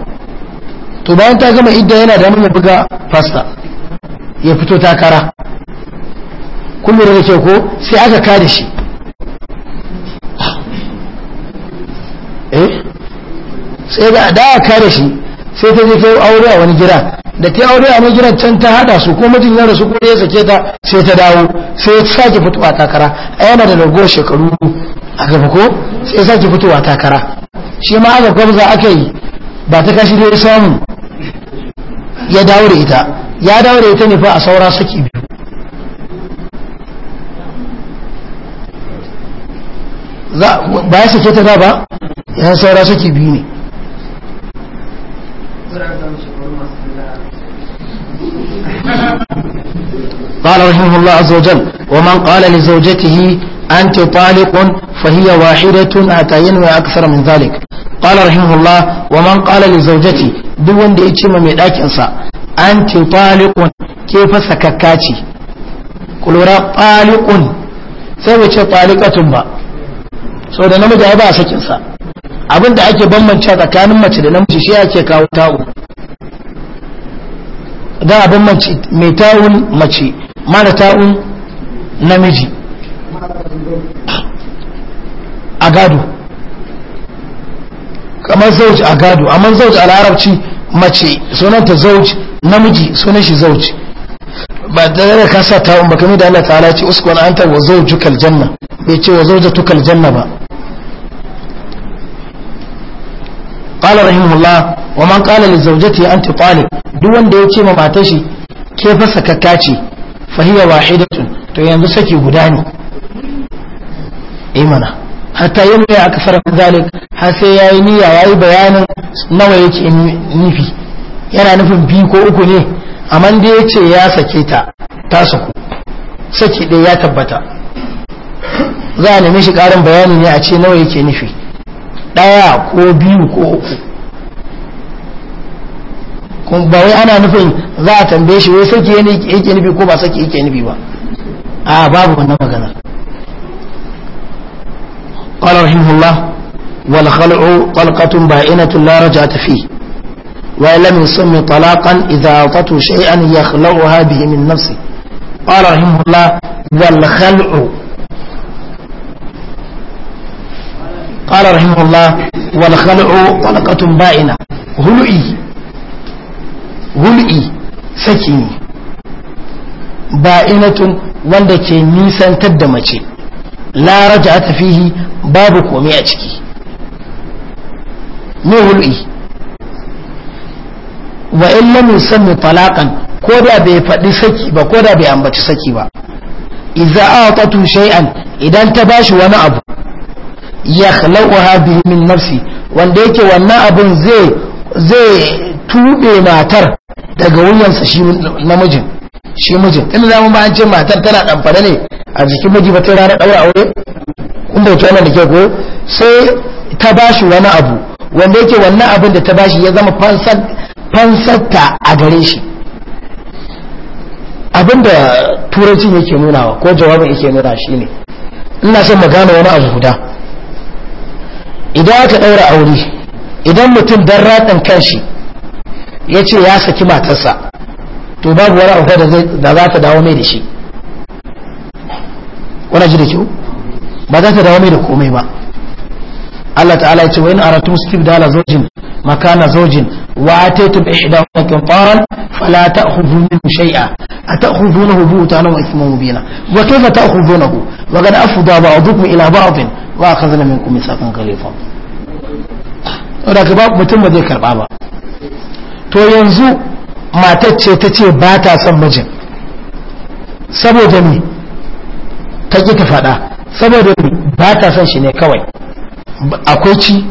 to bayan ta gama idda yana da mai buga fasta ya fito takara kullum da ke ko sai aka kada shi eh sai da da kada shi sai ta je ta aure a wani gida da ta aure a wani gidan can ta hada su ko mutum yana su ko ya sake ta sai ta dawo sai ya sake fitowa takara a yana da ragowar shekaru a gaba ko sai ya sake fitowa takara shi ma aka gwamza aka yi ba ta kashi dai samu ya dawo da ita ya dawo da ita ne fa a saura saki biyu ba ya sake ta ba ya saura saki biyu ne قال رحمه الله عز وجل ومن قال لزوجته أنت طالق فهي واحدة حتى ينوي من ذلك قال رحمه الله ومن قال لزوجتي duk wanda ya ce ma mai ɗakinsa an ce ke kulura sai ba da namiji ya ba sakinsa abinda ake bambance tsakanin mace da namiji shi ake kawo tawo da mai tawun mace mara tawun namiji a gado kamar zauj a gado amma zauj a larabci mace sunanta zauji namiji sunan shi zauj ba da ka sa ta ba kamar da Allah ta'ala ce an ta wa zawjuka aljanna bai ce wa zawjatuka aljanna ba qala rahimahullah wa man qala li zawjati anti duk wanda ya ce ma matar shi ke fa sakakka ce fa hiya wahidatun to yanzu saki guda ne eh mana hatta yin mai aka fara zalik har sai ya yi niyya ya yi bayanin nawa yake nufi yana nufin biyu ko uku ne amma da ya ce ya sake ta ta saku saki ɗaya ya tabbata za a nemi shi ƙarin bayani ne a ce nawa yake nufi ɗaya ko biyu ko uku ba wai ana nufin za a tambaye shi wai saki yake nufi ko ba saki yake nufi ba a babu wannan magana قال رحمه الله والخلع طلقة بائنة لا رجعة فيه ولم يسم طلاقا إذا أعطته شيئا يخلعها به من نفسه قال رحمه الله والخلع قال رحمه الله والخلع طلقة بائنة هلئي هلئي سكيني ba'inatun wanda ke nisantar da mace la raja'ata fihi babu komai a ciki ne hulɗi. wa in lam yusammi talaqan ko da bai faɗi saki ba ko da bai ambaci saki ba idza atatu shay'an idan ta bashi wani abu ya bihi min nafsi wanda yake wannan abun zai zai tube matar daga wuyansa shi namijin shi mijin inda zamu ba an ce matar tana damfara ne a jikin miji ba tun ranar daura aure inda ke wannan da ke ko sai ta bashi wani abu wanda yake wannan abin da ta bashi ya zama fansarta a gare shi abin da turancin yake nunawa ko jawabin yake nuna shi ne ina son magana wani abu guda idan aka daura aure idan mutum dan ratan kanshi ya ce ya saki matarsa to babu wani abu da za ta dawo mai da shi wani ji da kyau ba za ta dawo mai da komai ba Allah ta'ala ya ce wa in aratum istibdala Zojin makana Zojin. wa ataytum ihdahunna qintaran fala ta'khudhu minhu shay'a ata'khudhunahu buhtanan wa ithman mubina wa kayfa ta'khudhunahu wa qad afdha ba'dukum ila ba'd wa akhadna minkum mithaqan ghalifa da ka ba mutum ba zai karba ba to yanzu matar ce ta ce ba ta son mijin saboda ni ta ƙi ta faɗa saboda ni ba ta son shi ne kawai akwai ci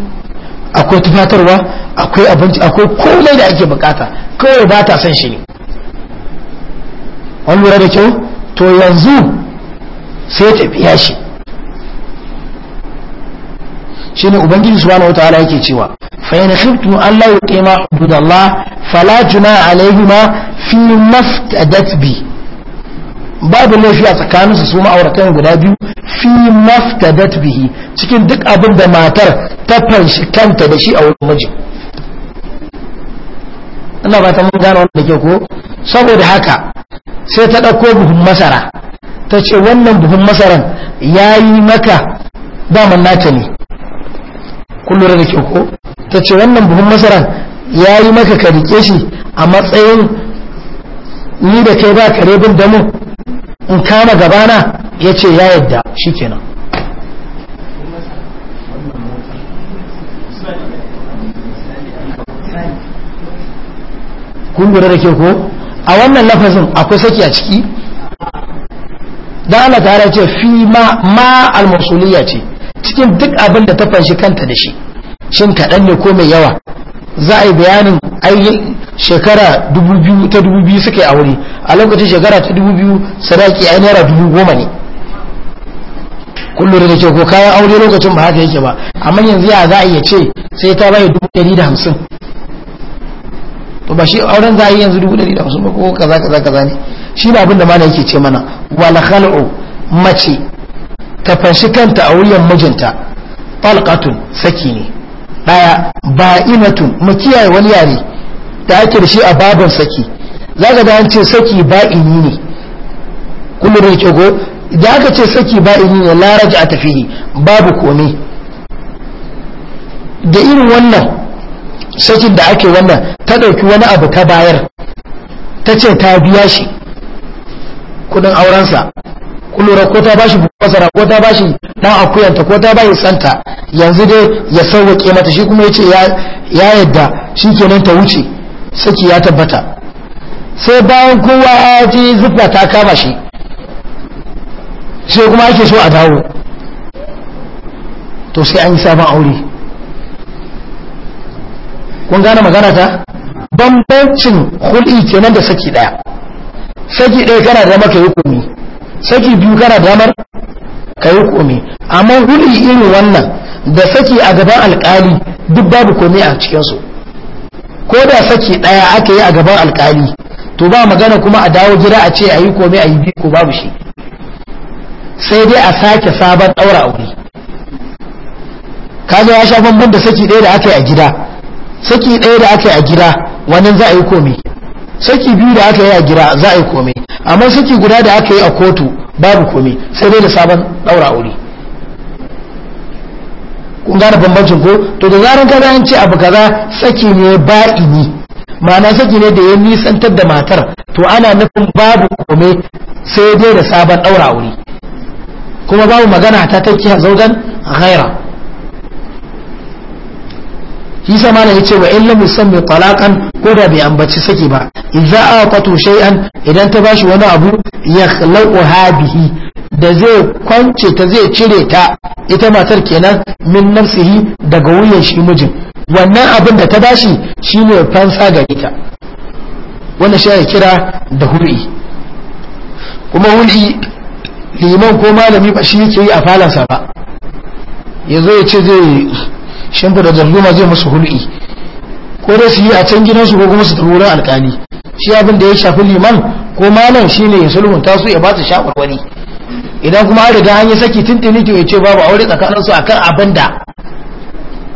akwai tufatarwa akwai abinci akwai komai da ake bukata kawai ba ta son shi ne wani lura da kyau to yanzu sai ta biya shi shine ubangiji subhanahu wataala yake cewa fa in khiftum an la yuqima hududallah fala junaha alayhima fi maftadat bi babu laifi a tsakanin su ma'auratan guda biyu fi maftadat bihi cikin duk abin da matar ta fanshi kanta da shi a wurin miji ina ba ta mun gano wanda ke ko saboda haka sai ta ɗauko buhun masara ta ce wannan buhun masaran ya yi maka daman nata ne kun da kyau ko ta ce wannan buhun masara ya yi maka ka rike shi a matsayin ni da kai ba kare bin da damu in kama gabana ya ce ya yadda shi kenan kun lura da kyau ko a wannan lafazin akwai saki a ciki da ana tare ce fi ma ma al-mausuliyya ce cikin duk abin da ta fanshi kanta da shi shin kaɗan ne ko mai yawa za a yi bayanin ai shekara ta dubu biyu yi a wuri a lokacin shekara ta dubu biyu sadaki ai naira dubu goma ne kullum da ke ko kayan aure lokacin ba haka yake ba amma yanzu ya za a iya ce sai ta bai dubu da hamsin to ba shi auren za a yi yanzu dubu da hamsin ba ko kaza kaza kaza ne shi ba abin da mana yake ce mana wal khal'u mace ta fanshi kanta a wuyan mijinta talqatun saki ne daya ba'inatun mu wani yare da ake da shi a babin saki zaka da an ce saki ba'ini ne kullu da yake go da aka ce saki ba'ini ne la raja tafihi babu komai da irin wannan sakin da ake wannan ta ɗauki wani abu ta bayar ta ce ta biya shi kudin aurensa kulura ko ta bashi basara ko ta bashi dan akuyanta ko ta bashi santa yanzu dai ya sauwake mata shi kuma yace ya yadda shikenan ta wuce saki ya tabbata sai bayan kowa ya ji zuba ta kama shi sai kuma ake so a dawo to sai an yi sabon aure kun gane magana ta bambancin hulɗi kenan da saki ɗaya saki ɗaya kana da maka hukumi saki biyu kana damar ka yi komi amma huli irin wannan da saki a gaban alkali duk babu komi a cikinsu ko da saki ɗaya aka yi a gaban alkali to ba magana kuma a dawo gida a ce a yi komi a yi biyu ko babu shi sai dai a sake sabon ɗaura aure kaga ya sha bambam da saki ɗaya da aka yi a gida saki ɗaya da aka a gida wannan za a yi komi? saki biyu da aka yi a gira za a yi komai amma saki guda da aka yi a kotu babu komai sai dai da sabon daura aure kun gane bambancin ko to da zaran kaza an ce abu kaza saki ne ba'ini ma'ana saki ne da ya nisantar da matar to ana nufin babu komai sai dai da sabon daura aure kuma babu magana ta take zaugan ghaira shi sa malam yace wa illam yusammi talaqan ko da bai ambaci saki ba idza aqatu shay'an idan ta bashi wani abu ya yakhlauha habihi da zai kwance ta zai cire ta ita matar kenan min nafsihi daga wuyan shi mijin wannan abin da ta bashi shine fansa ga ita wannan shi kira da hul'i kuma hul'i liman ko malami ba shi yake yi a falansa ba yazo ya ce zai shimfida darduma zai musu hulɗi. ko dai su yi a can gidansu ko kuma su turura wurin shi abin da ya shafi liman ko malam shine ya sulhun su ya ba su wani idan kuma an riga an yi saki tuntuni to ya ce babu aure tsakaninsu akan abin da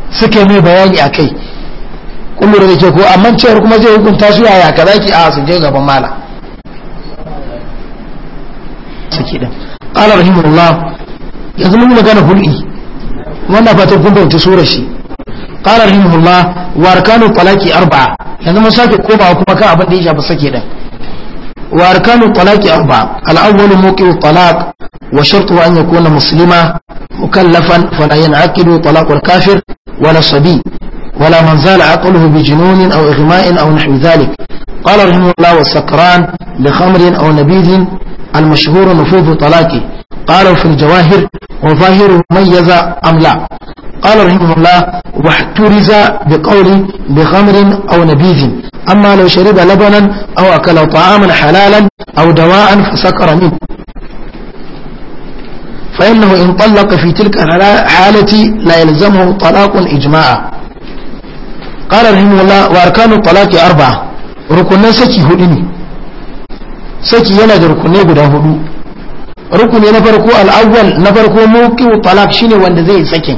suke mai bayani a kai kullum da ke ko amma cewar kuma zai hukunta su yaya ka ki a su je gaban malam saki din qala rahimullah yanzu mun magana hul'i wannan fatan kun bauta surar shi qala rahimahullah wa arkanu talaqi arba'a yanzu mun sake koma kuma kan abin da ya shafi sake din wa arkanu talaqi arba'a al-awwal muqi'u talaq wa shartu an yakuna muslima mukallafan la yan'aqidu talaq al-kafir wa la sabi ولا من زال عقله بجنون أو إغماء أو نحو ذلك قال رحمه الله والسكران لخمر أو نبيذ المشهور نفوذ طلاقه قالوا في الجواهر وظاهره ميز أم لا قال رحمه الله واحترز بقول بخمر أو نبيذ أما لو شرب لبنا أو أكل طعاما حلالا أو دواء فسكر منه فإنه إن طلق في تلك الحالة لا يلزمه طلاق إجماعا قال رحمه الله وأركان الطلاق أربعة ركن سكي هدني سكي ينادي ركن يبدأ هدو rukuni na farko al'awwal na farko muqiu talaq shine wanda zai tsakin.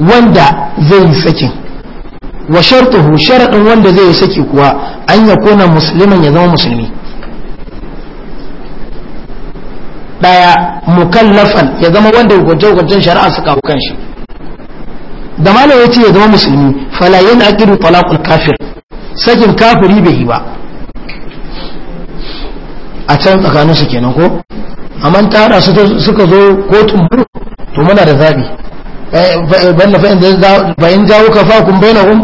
wanda zai tsakin. wa shartuhu sharaɗin wanda zai saki kuwa an kona musliman ya zama musulmi daya mukallafan ya zama wanda hukunce-hukuncen shari'a suka hukan shi da malam ya ce ya zama musulmi falayen akidu talaqul kafir sakin kafiri bai yi ba a can tsakaninsu kenan ko amma ta suka zo kotun buru to muna da zabi eh, balla fa'in jawo ka fakun bainahum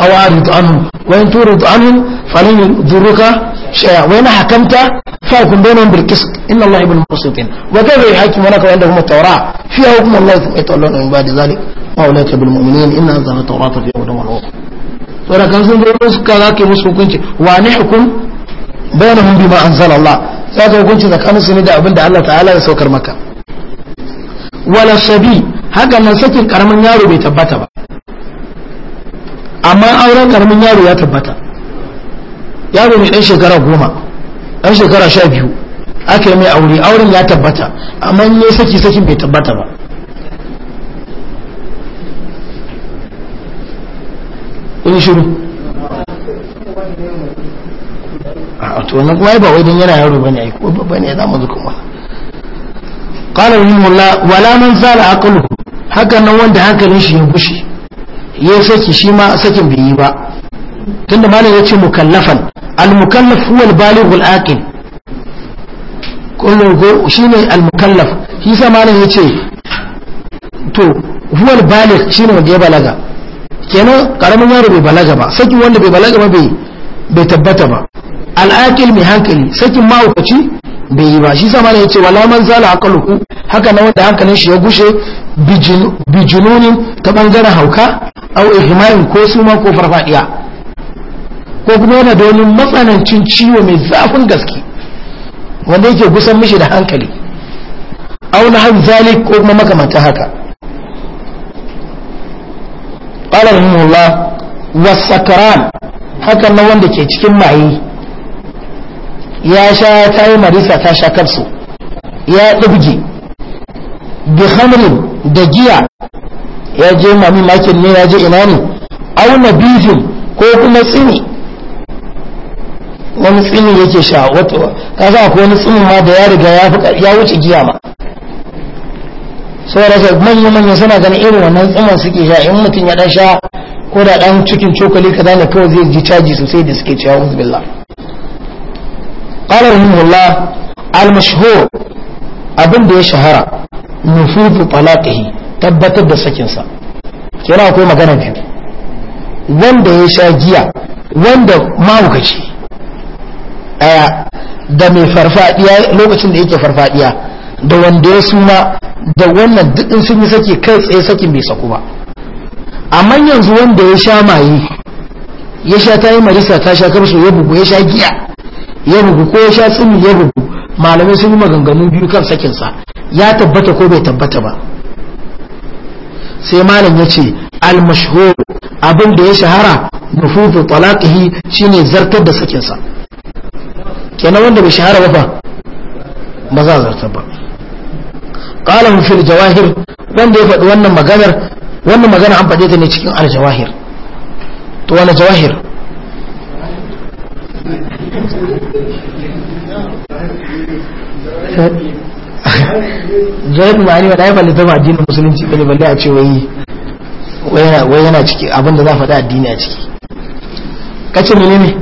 aw aridu anhum wa in turidu anhum falan yudurruka shay'a wa in hakamta fakun bil qist inna allaha ibn wa kadha wa tawra fiha hukmu allahi min wa bil mu'minin inna anzalna tawrata fi yawmin wa kan sun zo musu hukunci wa hukum bainahum bima anzala Allah za ka hukunci tsakanin su ne da abin da Allah ta'ala ya saukar maka wala sabi haka nan saki karamin yaro bai tabbata ba amma auren karamin yaro ya tabbata yaro mai dan shekara goma dan shekara sha biyu aka yi mai aure auren ya tabbata amma ne saki sakin bai tabbata ba in shiru a to wannan kuma ba wai dan yana yaro bane ai ko babba ne mu zo ma. qala rahimullah wala man sala aqluhu haka nan wanda hankalin shi ya gushi ya saki shi ma sakin bai yi ba tunda malam yace mukallafan al mukallaf huwa al baligh al aqil kullum ko shine al mukallaf shi sa malam yace to huwa al baligh shine wanda ya balaga kenan karamin yaro bai balaga ba sakin wanda bai balaga ba bai bai tabbata ba al'akil mai hankali sakin mahaukaci bai yi ba shi sama ne wa wala man zala aqluhu haka na wanda hankalin shi ya gushe bijinuni ta ɓangaren hauka au ihmain ko suma ko farfadiya ko kuma yana da wani matsanancin ciwo mai zafin gaske wanda yake gusan mishi da hankali au na hanzalik ko kuma makamanta haka ƙalar mula wasakaran hakan na wanda ke cikin maye ya sha ta yi marisa ta sha kafsu ya ɗubge bi hamrin da giya ya je mami makin ne ya je ina ne auna bifin ko kuma tsini wani tsini yake sha wato ka za ku wani tsinin ma da ya riga ya wuce giya ma saboda ka manya-manya suna ganin irin wannan tsimin suke sha in mutum ya ɗan sha ko da ɗan cikin cokali kaza ne kawai zai ji caji sosai da suke cewa uzbillah قال رحمه الله المشهور abin da ya shahara nufufu talaqihi tabbatar da sakinsa kira akwai magana biyu wanda ya sha giya wanda mahaukaci daya da mai farfadiya lokacin da yake farfadiya da wanda ya suma da wannan ɗin sun yi sake kai tsaye sakin bai saku ba amma yanzu wanda ya sha maye ya sha ta yi marisa ta sha kamsu ya bugu ya sha giya ya bugu ko ya sha tsimi ya bugu malamai sun yi maganganu biyu kan sakinsa ya tabbata ko bai tabbata ba sai malam ya ce al al-mashhur abin da ya shahara nufufu talaqihi shine zartar da sakinsa kenan wanda bai shahara ba fa ba za zartar ba qala fil jawahir wanda ya faɗi wannan maganar wannan magana an faɗe ta ne cikin aljawahir to wala jawahir zai ba wa wadai balle ba addinin musulunci bane balle a ce wai Wai yana ciki abinda za faɗa addini a ciki kace mene ne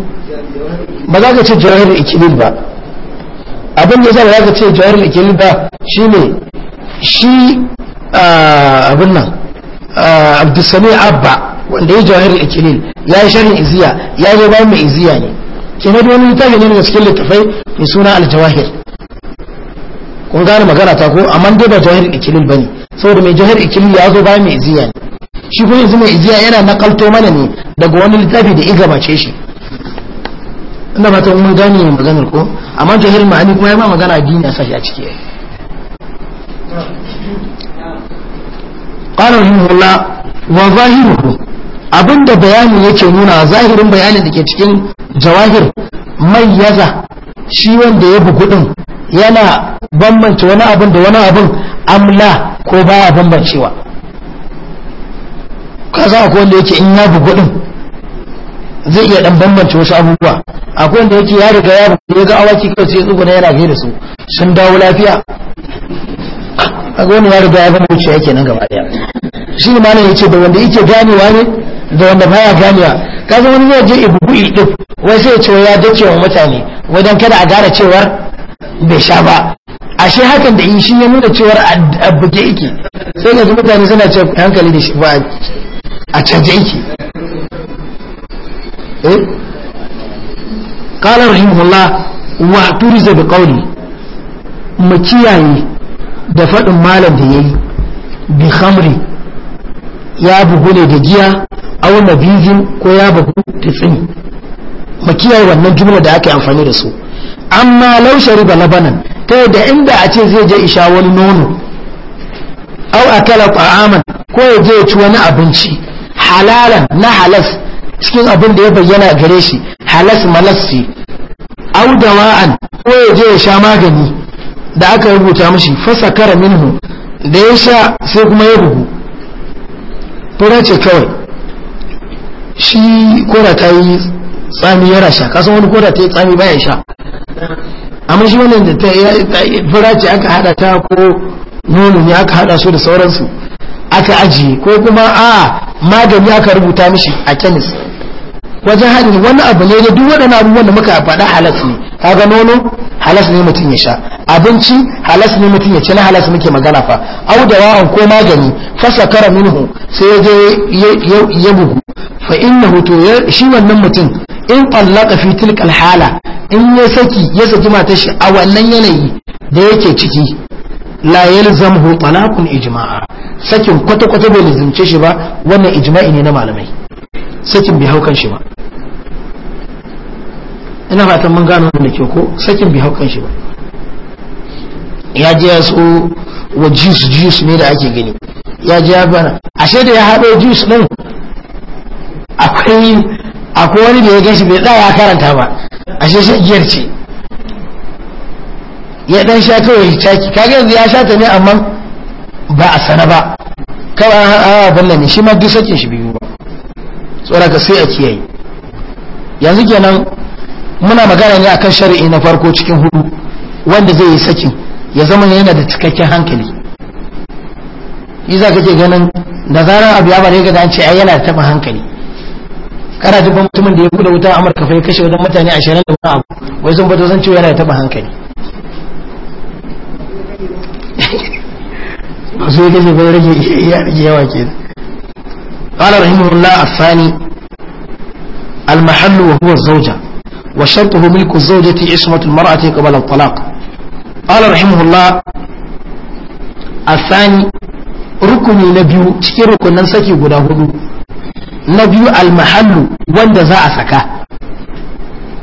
ba za ka ce jawahir ikilil ba abin da za ka ce jawahir ikilil ba shi ne shi abin nan abdulsami abba wanda ya jawahir ikilil ya yi iziya ya yi ba mai iziya ne ke na wani littafi ne daga cikin littafai mai suna aljawahir kun gane magana ta ko amma dai ba jahir ikilil bane saboda mai jahir ikilil ya zo ba mai iziya ne shi kuma yanzu mai iziya yana nakalto mana ne daga wani littafi da bace shi ina ta mun gane maganar ko amma jahir ma'ani kuma ya ma magana addini a sashi a ciki قال رحمه الله وظاهره abinda bayani yake nuna zahirin bayanin da ke cikin jawahir yaza shi wanda ya bugu din yana bambance wani abin da wani abin amla ko baya bambancewa kaza akwai wanda yake in ya bugu din zai iya dan bambance wasu abubuwa akwai wanda yake ya riga ya bugu ya ga awaki kawai sai na yana da su sun dawo lafiya a wani ya riga ya bambance wuce yake nan gaba daya shi ne malam yace da wanda yake ganewa ne da wanda baya ganewa ka zama wani zai je ibubu'i din wai sai ce ya dace wa mutane wajen kada a gara cewar bai sha ba ashe hakan da shi ya nuna cewar a buge yake sai ga mutane suna ce hankali da shi ba a canje yake قال رحمه الله wa بقولي مكياني دفع mu kiyaye da faɗin malam da yayi bi ya bugu ne da giya Auna nabijin ko ya bahu tsitsin mu kiyaye wannan jumla da ake amfani da su amma lau shariba labanan ta yadda inda a ce zai je isha wani nono au akala ta'aman ko ya je ci wani abinci halalan na halas cikin abin da ya bayyana gare shi halas malassi au dawa'an ko ya je ya sha magani da aka rubuta mashi fasakara minhu da ya sha sai kuma ya bugu fura ce kawai shi koda ta yi tsami yara sha kasan wani koda ta yi tsami baya sha amma shi wannan da ta fura ce aka hada ta ko nono ne aka hada su da sauransu aka ajiye ko kuma a magani aka rubuta mishi a kemis wajen hadin wani abu ne da duk waɗannan abubuwan da muka faɗa halas ne kaga nono halas ne mutum ya sha abinci halas ne mutum ya ci na halas muke magana fa au da wa'an ko magani fasa kara minhu sai ya je ya bugu fa innahu to shi wannan mutum in tallaka fi tilka alhala in ya saki ya saki matar shi a wannan yanayi da yake ciki la yalzamu talaqun ijma'a sakin kwata kwata bai lazimce shi ba wannan ijma'i ne na malamai sakin bai haukan shi ba ina fatan mun gano da ke ko sakin bai haukan shi ba ya ji ya wa juice juice ne da ake gani ya ji ya bana ashe da ya haɗo juice ɗin akwai akwai wani da ya gashi bai tsaya karanta ba ashe shi giyar ce ya ɗan sha kawai caki kaga yanzu ya sha ta ne amma ba a sana ba kawai an haɗa abin ne shi ma duk sakin shi biyu ba ka sai a kiyaye yanzu kenan muna magana ne akan shari'i na farko cikin hudu wanda zai yi sakin ya zama yana da cikakken hankali iza kace ganin da zara abu ya bare ga an ce ai yana da taɓa hankali kana dubban mutumin da ya bude wuta amurka fa ya kashe wajen mutane 20 da wani abu wai zan bato zan ce yana da taɓa hankali masu ya kashe ya rage yawa ke قال رحمه الله الثاني المحل وهو الزوجة وشرطه ملك الزوجة عصمة المرأة قبل الطلاق Ƙalar رحمه a sani rukuni na biyu cikin rukunin saki guda hudu na biyu almahallu wanda za a saka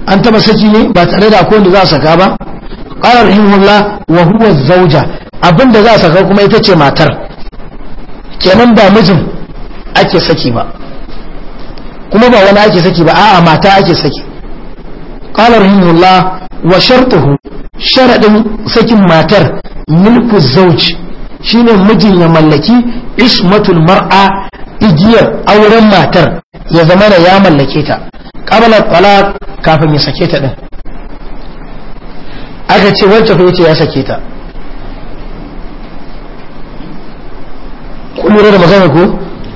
an taɓa saki ne ba tare da akwai za a saka ba ƙalar rahimahullah wa zauja abinda za a saka kuma ita ce matar kenan ba mijin ake saki ba kuma ba wani ake saki ba a'a mata ake saki ƙalar rahimahullah wa shartuhu sharadin sakin matar mulku zauj shine mijin ya mallaki ismatul mar'a igiyar auren matar ya zama da ya mallake ta qabla talaq kafin ya sake ta din aka ce wacce ko ce ya sake ta ku lura da magana ko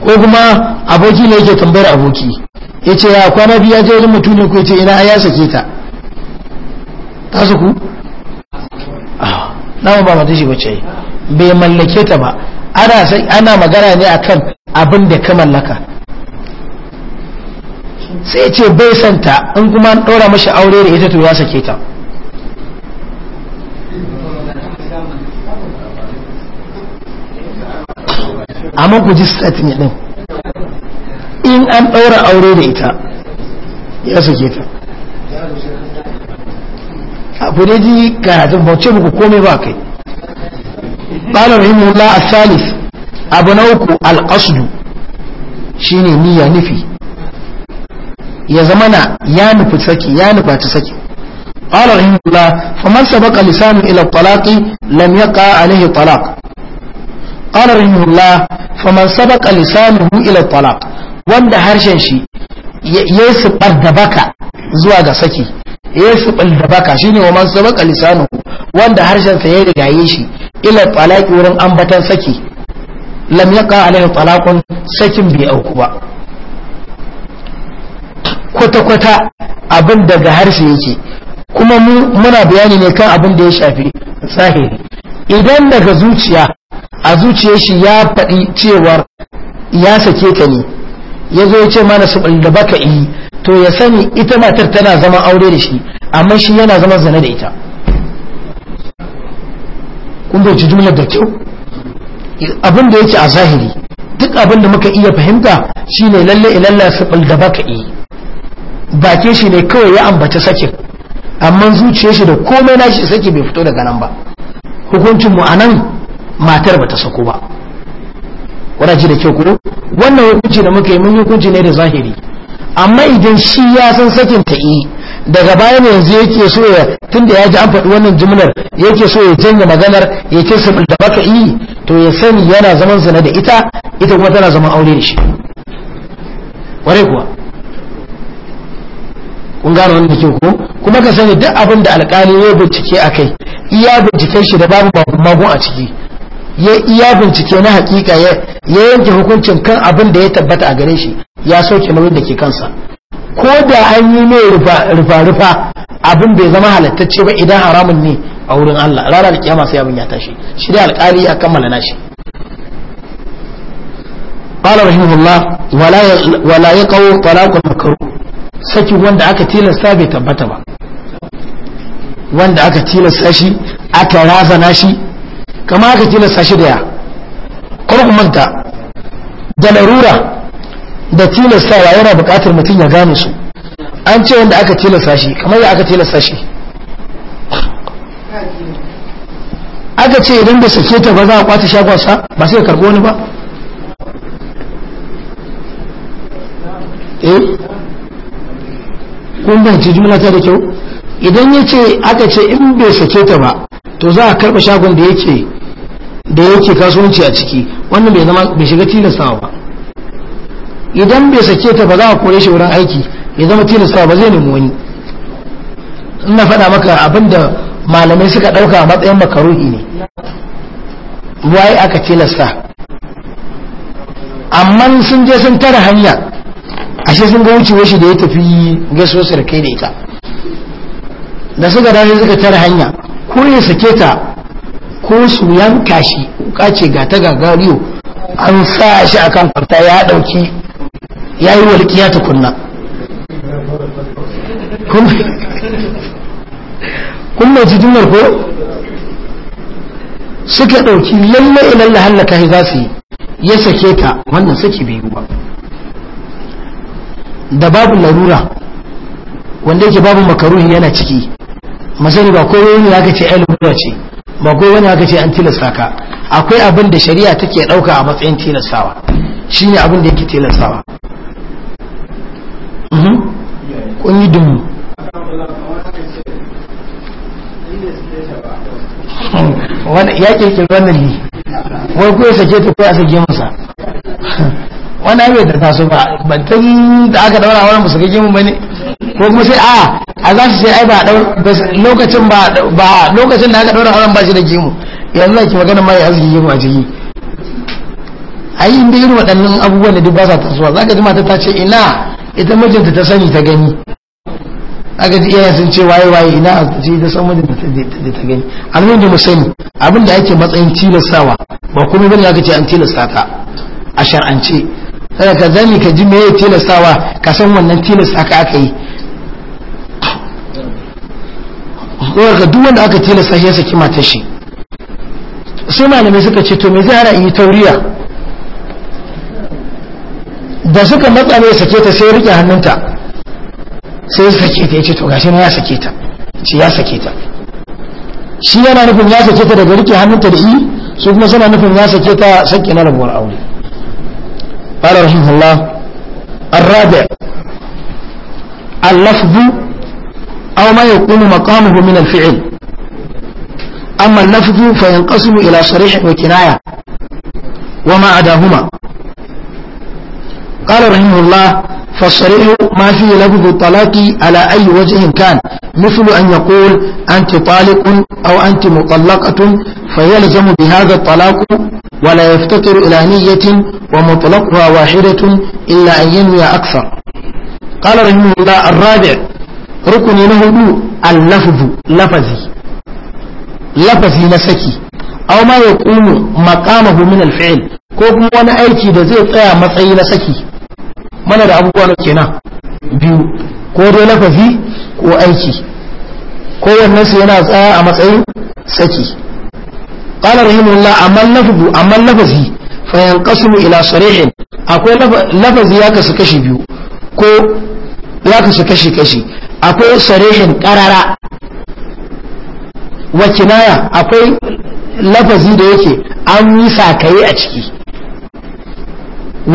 ko kuma aboki ne yake tambayar aboki yace ya kwana biya je wajen mutum ko yace ina ya sake ta ta su ku na ah, ba mata shi bace bai mallake ta ba ana magana ne akan abin da ka mallaka sai ce bai santa in kuma an ɗora mashi aure da ita to ya sake ta amma ku ji ne ɗin in an ɗora aure da ita ya sake ta ku dai ji karatun bauce muku komai ba kai qala rahimahullah as-salis abu na uku al-qasd shine niyya nufi ya na ya nufi saki ya nufa ta saki قال رحمه الله فمن سبق لسان إلى الطلاق لم يقع عليه طلاق قال رحمه الله فمن سبق لسانه إلى الطلاق wanda harshen shi ya yi siffar da baka zuwa ga saki ya shubal da baka shine wa man sabaka lisanu wanda harshen sa ya rigaye shi ila talaqi wurin ambatan saki lam yaqa alaihi talaqun sakin bai auku ba kwata kwata abin daga harshe yake kuma muna bayani ne kan abin da ya shafi zahiri idan daga zuciya a zuciyar shi ya faɗi cewar ya sake ka ne ya zo ya ce mana su da baka yi eh, to ya sani ita matar tana zama aure da shi amma shi yana zama zane da ita kun bai jumlar da kyau abin da yake a zahiri duk abin da muka iya fahimta shine lalle ilalla sabal da baka yi bake shi ne kawai ya ambaci sakin amma zuciyar shi da komai nashi sake bai fito daga nan ba hukuncin mu nan matar bata sako ba wadaji da kyau wannan hukunci da muka yi mun hukunci ne da zahiri amma idan shi ya san sakin ta yi daga bayan yanzu yake so ya tunda ya ji an faɗi wannan jimlar yake so ya canza maganar ya ce su da baka yi to ya sani yana zaman zina da ita ita kuma tana zaman aure da shi ware kuwa kun gano wanda ke ko kuma ka sani duk abin da alƙali ya bincike a kai iya binciken shi da babu magun a ciki ya iya bincike na hakika ya yanke hukuncin kan abin da ya tabbata a gare shi ya sauke nauyin da ke kansa ko da an yi mai rufa-rufa abin bai zama halattacce ba idan haramun ne a wurin Allah da kiyama sai abin ya tashi shi da alƙali ya kammala nashi qala rahimahullah wala wala yaqaw talaqul makruh saki wanda aka tilasta bai tabbata ba wanda aka tilasta shi aka razana shi kama aka tilasta shi daya ya kuma manta da larura da tilastawa yana bukatar mutum ya gane su an ce wanda aka tilasta shi kamar ya aka tilasta shi aka ce idan bai sake ta ba za a kwata sa ba sai karbo wani ba eh kun banci jumla ta da kyau idan ya ce aka ce in bai sake ta ba to za a karɓa shagon da yake da yake kasuwanci a ciki wannan bai zama bai shiga tilastawa ba idan bai sake ta ba za a kore shi wurin aiki ya zama tilastawa ba zai nemi wani ina faɗa maka abinda malamai suka ɗauka a matsayin makaruhi ne waye aka tilasta amma sun je sun tara hanya ashe sun ga wucewa shi da ya tafi gaisuwar sarkai da ita da suka dawo suka tara hanya ko ya sake ta ko su yanka shi kuka ce ga ta gagariyo an sa shi akan kwarta ya dauki ya yi walƙiya tukunna kuma ji jimar ko suka ɗauki lalle ilan lahallaka za su yi ya sake ta wannan saki bai ba da babu larura wanda yake babu makaruhi yana ciki masani ba kowa wani zaka ce ayyul ce ba kowa wani zaka ce an tilasta ka akwai abin da shari'a take dauka a matsayin tilastawa shine abin da yake tilastawa mhm. kun yi dumu ya ke wannan ne wai ko ya sake ta ko ya sake masa wani abin da taso ba ban ta da aka daura wani musu gemu mun bane ko kuma sai a a za su sai ai ba lokacin ba lokacin da aka daura auren ba shi da gemu yanzu zaki magana mai arziki gemu a jiki ai inda irin waɗannan abubuwan da duk ba sa tasowa za ka ji mata ta ce ina ita mijinta ta sani ta gani aka ji iyayen sun ce waye waye ina a ji ta san mijinta ta gani almin da mu sani abin da ake matsayin tilastawa ba kuma bane aka ce an tilasta ka a shar'ance kada ka zani ka ji meye tilastawa ka san wannan tilasta ka aka yi ga duk wanda aka tilasta ya saki matar shi sai malamai suka ce to me zai hana in yi tauriya da suka matsa ya sake ta sai rike hannunta sai ya sake ta ya ce to gashi na ya sake ta ce ya sake ta shi yana nufin ya sake ta daga rike hannunta da yi su kuma suna nufin ya sake ta sake na rabuwar aure قال رحمه الله الرابع اللفظ أو ما يقوم مقامه من الفعل أما اللفظ فينقسم إلى صريح وكناية وما عداهما قال رحمه الله فالصريح ما فيه لفظ الطلاق على أي وجه كان مثل أن يقول أنت طالق أو أنت مطلقة فيلزم بهذا الطلاق ولا يفتقر إلى نية ومطلقها واحدة إلا أن ينوي أكثر قال رحمه الله الرابع rukuni na hudu al-lafzu lafazi lafazi na saki aw ma yaqumu maqamahu min al ko kuma wani aiki da zai tsaya matsayi na saki mana da abubuwa na kenan biyu ko dai lafazi ko aiki ko wannan su yana tsaya a matsayin saki qala rahimullah amma lafzu amma lafazi fa yanqasimu ila sarihin akwai lafazi ya kasu kashi biyu ko ya kasu kashi kashi akwai sharihin karara wa kinaya akwai lafazi da yake an yi sakaye a ciki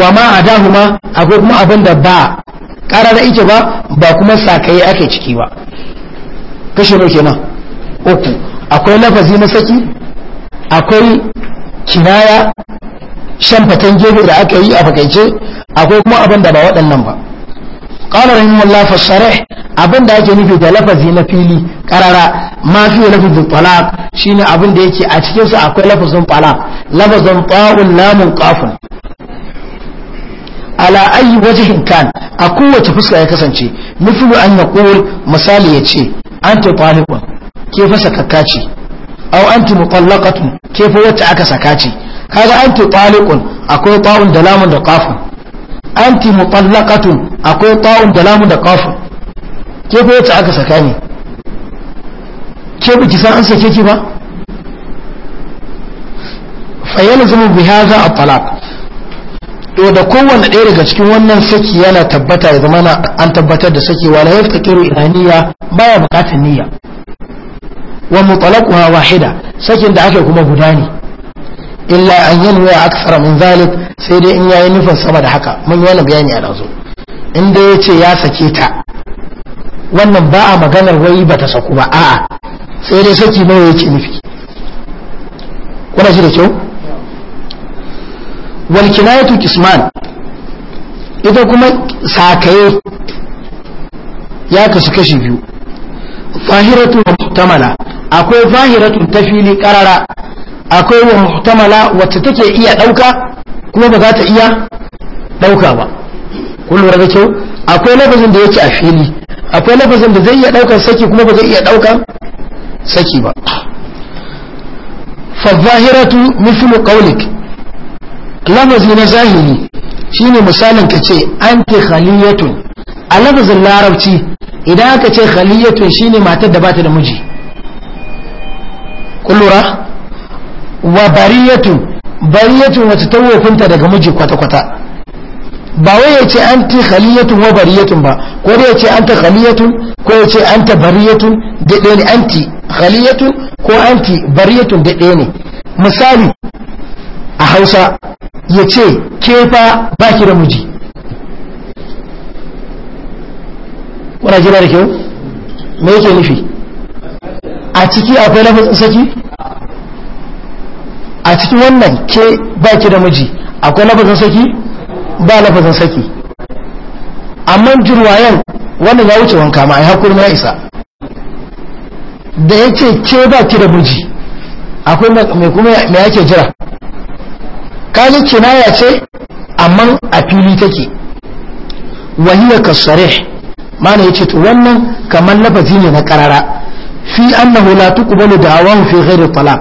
wa ma a dahuma akwai kuma abin da ba karara ike ba ba kuma sakaye ake ciki ba kashe ne kenan uku akwai lafazi na saki akwai kinaya shan fatan gebe da aka yi a fakaice akwai kuma abin da ba waɗannan ba قال رحمه الله abin da ake nufi da lafazi na fili karara ma fi lafazin talaq shine abin da yake a cikin sa akwai lafazin talaq lafazin ta'un lamun qafun ala ayi wajhin kan a kowace fuska ya kasance mithlu an yaqul misali yace anta taliqun ke fa sakakka ce aw anti mutallaqatun ke fa wacce aka saka ce kaga anta taliqun akwai ta'un da lamun da qafun anti mutallaqatun akwai ta'un da lamu da qafu ke ko yace aka saka ne ke biki san an sake ki ba fa zama bi hadha at-talaq to da kowanne ɗaya daga cikin wannan saki yana tabbata ya zama an tabbatar da saki wala yaftakiru iraniya baya bukatar niyya wa mutalaquha wahida sakin da ake kuma gudani. illa an yi a aksara min zalit sai dai in yayi nufin sama da haka mun yi wani bayani a ɗazu inda ya ce ya sake ta wannan ba a maganar wai ba ta saku ba a'a sai dai saki nawa yake nufi kuna shi da kyau ya tuki suman ita kuma sakaye ya kasu kashi biyu fahiratu muhtamala akwai fahiratun ta fili karara akwai wa muhtamala wacce take iya ɗauka kuma ba za ta iya ɗauka ba kun lura da kyau akwai lafazin da yake a fili akwai lafazin da zai iya daukar saki kuma ba zai iya dauka saki ba zahiratu mithlu qawlik lafazin na zahiri shine misalin ka ce anti khaliyatun a lafazin larabci idan aka ce khaliyatun shine matar da bata da miji kun wa bariyatu bariyatu wacce ta daga miji kwata-kwata ba wai ya ce an ta wa bariyatu ba ko da ya ce an ta ko ya ce an ta bariyatun da ɗaya ne an ti ko an ti bariyatun da ɗaya ne misali a hausa ya ce ke fa ba ki da miji wana jira da kyau me yake nufi a ciki akwai lafazin saki a cikin wannan ke ba ki da miji akwai lafazin saki ba lafazin saki amma jirwayen wannan ya wuce wanka ma ai hakuri na isa da yake ke ba ki da miji akwai mai kuma me yake jira kaji kinaya ce amma a fili take wahiya kasarih mana ce to wannan kamar lafazi ne na karara fi annahu la tuqbalu da'awahu fi ghairi talaq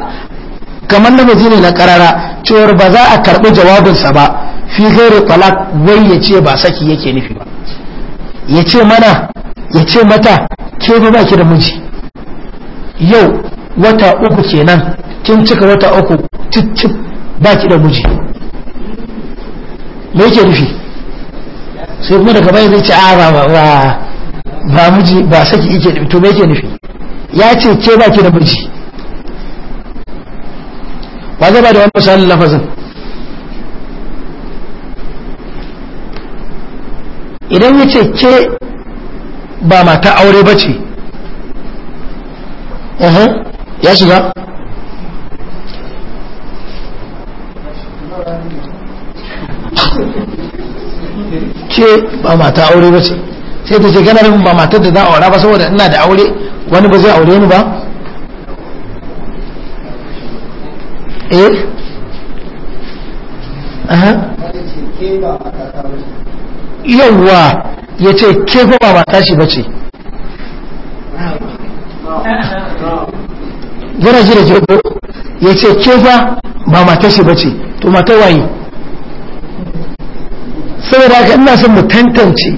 kamar lafazi ne na karara cewar ba za a karɓi jawabinsa ba fi ghairi talak wai ya ce ba saki yake nufi ba ya ce mana ya ce mata ke ba ba ki da miji yau wata uku kenan kin cika wata uku cicci ba ki da miji me yake nufi sai kuma daga baya zai ce a ah, ba ba ba ba miji ba saki yake nufi to me yake nufi ya ce ke ba ki da miji ba gaba da wani misalin lafazin idan ya ce ke ba mata aure ba ce uh-huh, ya shiga ke ba mata aure ba ce sai ta ce ganarin ba matar da za a aura ba saboda ina da aure wani ba zai aure ni ba Eh? yauwa ya ce ke ba mata shi ba ce yana ji da jirgo ya ce ke ba ba mata shi ba ce to mata waye saboda haka ina son mu tantance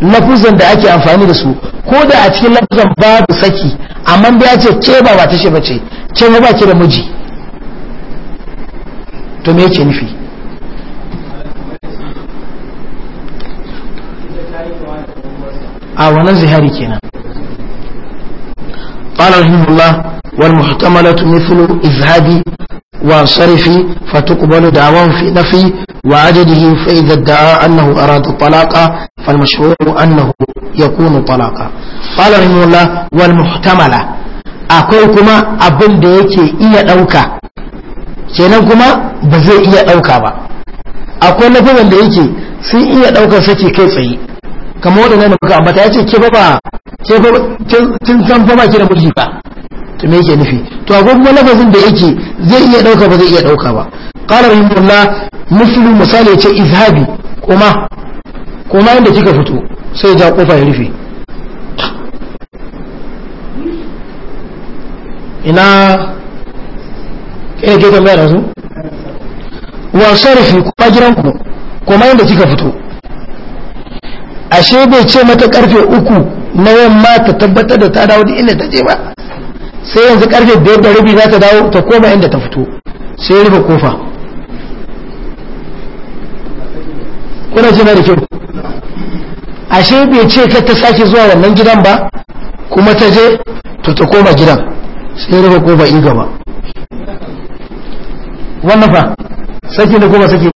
lafuzan da ake amfani da su ko da a cikin lafuzan babu saki amma da ya ce ke ba mata shi ba ce ke ba ke da miji to me yake nufi a wannan zihari kenan قال رحمه الله والمحتملة مثل إذهاب وصرف فتقبل دعواه في نفي وعدده فإذا ادعى أنه أراد الطلاق فالمشروع أنه يكون طلاقا قال رحمه الله والمحتملة أقول كما أبن ديكي إيا أوكا سينكما ba zai iya ɗauka ba akwai lafazan da yake sun iya ɗaukar saki kai tsaye kamar waɗanda da muka ambata ya ce ke baba kin san fama ki da mulki ba to me yake nufi to akwai kuma lafazin da yake zai iya ɗauka ba zai iya ɗauka ba qala rahimullah muslim misali ce izhabi kuma kuma inda kika fito sai ja kofa ya rufe ina kai ke tambaya da su wa sarfi kuma gidanku kuma yadda kika fito ashe bai ce mata karfe uku na yamma ta tabbatar da ta dawo inda ta je ba sai yanzu karfe biyar da rabi za ta dawo ta koma inda ta fito sai ya rufe kofa kuna ji na da kyau ashe bai ce ka ta sake zuwa wannan gidan ba kuma ta je to ta koma gidan sai ya rufe kofa in gaba wannan fa saki da kuma saki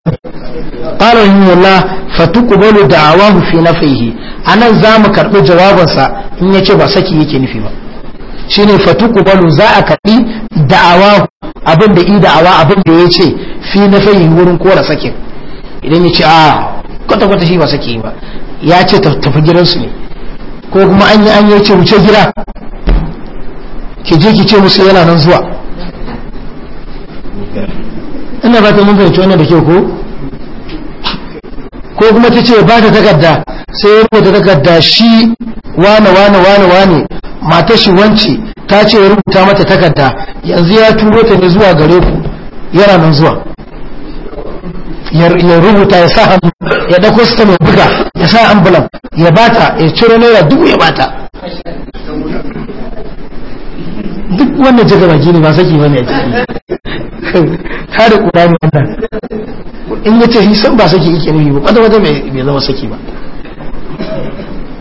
qala rahimullah fatuqbalu da'awahu fi nafihi anan mu karbi jawabansa in yace ba saki yake nufi ba shine fatuqbalu za a karbi da'awahu abin da i da'awa abin da yace fi nafihi wurin kora sakin idan yace a kwata kwata shi ba saki ba ya ce tafi gidansu ne ko kuma an yi an yace wuce gida ki je ki ce musu yana nan zuwa ina ba ta mun fahimci wannan da ke ko ko kuma ta ce ba ta takarda sai ya rubuta takarda shi wane wane wane wane mata shi wance ta ce ya rubuta mata takarda yanzu ya turo ta ne zuwa gare ku yana nan zuwa ya rubuta ya sa hannu ya ɗauko sita mai buga ya sa ambulan ya bata ya ciro naira dubu ya bata duk wannan jaga baki ne ba saki bane a ciki ta da ƙurani wannan in ya ce shi san ba saki yake nufi ba kwata wata mai zama saki ba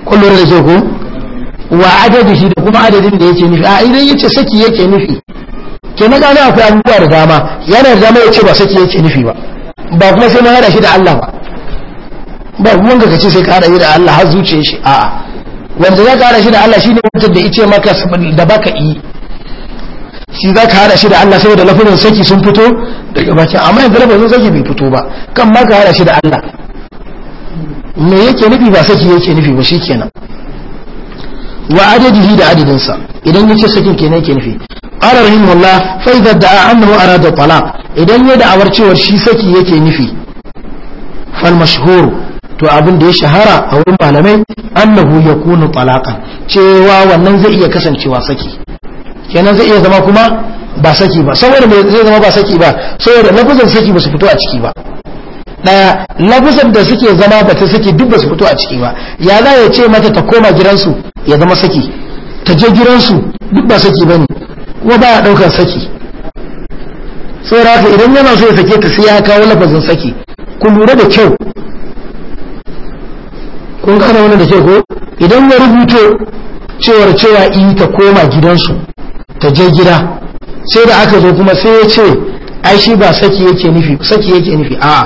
kullum da ke ko wa adadi shi da kuma adadin da yake nufi a idan ya ce saki yake nufi ke na gane akwai abubuwa da dama yana da dama ya ce ba saki yake nufi ba ba kuma sai na hada shi da Allah ba ba kuma ga kace sai ka hada shi da Allah har zuciyar shi a'a wanda za ka hada shi da Allah shine wancan da ice maka da baka yi shi za ka hada shi da Allah saboda lafazin saki sun fito daga bakin amma yanzu lafazin saki bai fito ba kan ma ka hada shi da Allah me yake nufi ba saki yake nufi ba kenan wa adadihi da adadinsa idan yace sakin kenan yake nufi qala rahimullah fa idza da'a annahu arada talaq idan ya awar cewar shi saki yake nufi fal mashhur to abin da ya shahara a wurin malamai annahu yakunu talaqan cewa wannan zai iya kasancewa saki kenan zai iya zama kuma ba saki ba saboda mai zai zama ba saki ba saboda lafuzan saki ba su fito a ciki ba daya lafuzan da suke zama ba ta saki duk ba su fito a ciki ba ya za ya ce mata ta koma gidansu ya zama saki ta je gidansu duk ba saki ba ne kuma ba ya ɗaukar saki sai rafi idan yana so ya sake ta sai ya kawo lafazin saki ku lura da kyau kun kana wani da kyau ko idan ya rubuto cewar cewa in ta koma gidansu ta je gida sai da aka zo kuma sai ya ce ai shi ba saki yake nufi saki yake nufi a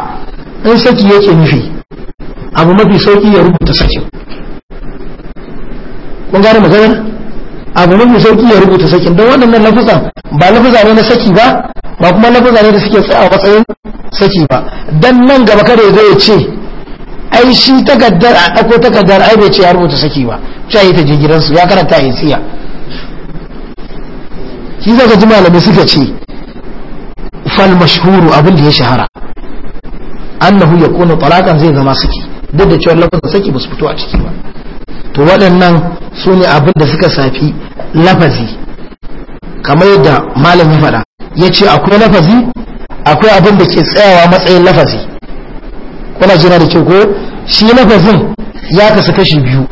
in saki yake nufi abu mafi sauki ya rubuta sakin kun gane maganar abu mafi sauki ya rubuta sakin don waɗannan lafuza ba lafuza ne na saki ba ba kuma lafuza ne da suke tsaya a matsayin saki ba dan nan gaba kada ya zo ya ce ai shi takaddar a ɗauko takaddar ai bai ce ya rubuta saki ba cewa ta je gidansu ya karanta tsiya. shi zaka ji malamai suka ce fal mashhuru abin da ya shahara annahu ya yakunu talaqan zai zama saki duk da cewa lafazin saki ba su fito a ciki ba to waɗannan su ne abin da suka safi lafazi kamar yadda malami ya faɗa ya ce akwai lafazi akwai abin da ke tsayawa matsayin lafazi kuna jira da ke ko shi lafazin ya kasu kashi biyu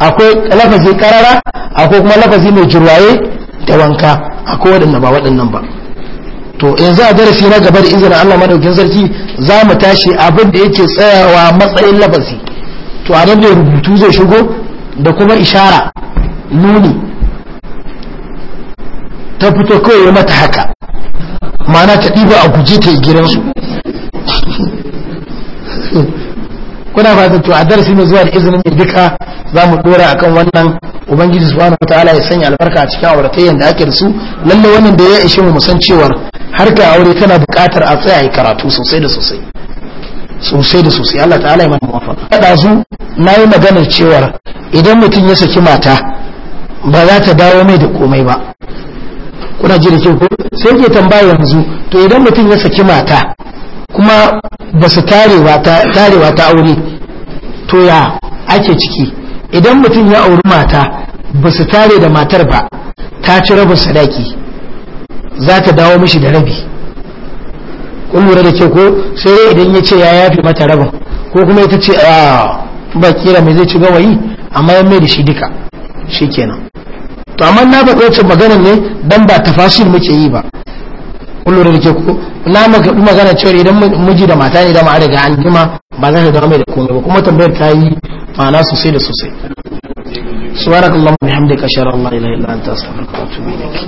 akwai lafazi karara akwai kuma lafazi mai jirwaye ta wanka akwai waɗanda ba waɗannan ba to yanzu a darasi na gaba da izinin Allah madaukin sarki za mu tashi abin da yake tsayawa matsayin labasi to a nan da rubutu zai shigo da kuma ishara nuni ta fito kawai mata haka ma'ana ta ɗiba a guje ta yi gidansu Kuna fatan to a darasi mai zuwa da izinin duka za mu dora kan wannan ubangiji subhanahu wataala ya sanya albarka a cikin auratayyan da ake da su lalle wannan da ya ishe mu san cewar harka aure tana buƙatar a tsaya yi karatu sosai da sosai sosai da sosai Allah ta'ala ya mana muwafaka kada su yi maganar cewar idan mutum ya saki mata ba za ta dawo mai da komai ba kuna ji da kyau sai ke tambaya yanzu to idan mutum ya saki mata kuma ba su tarewa ta aure to ya ake ciki idan mutum ya auri mata ba su tare da matar ba ta ci rabin sadaki za ta dawo mishi da rabi kun da ke ko sai dai idan ya ce ya yafi mata rabin ko kuma ita ce a ah, ba kira mai zai ci gawayi amma ya mai da shi duka shi kenan to amma na faɗo wacce maganar ne dan ba tafasil muke yi ba kullum da ke ko na maka magana cewa idan miji da mata ne dama daga an jima ba za ka ga mai da komai ba kuma tambayar ta yi ma'ana sosai da sosai subhanakallahumma bihamdika ashhadu an la ilaha illa anta astaghfiruka wa atubu ilaik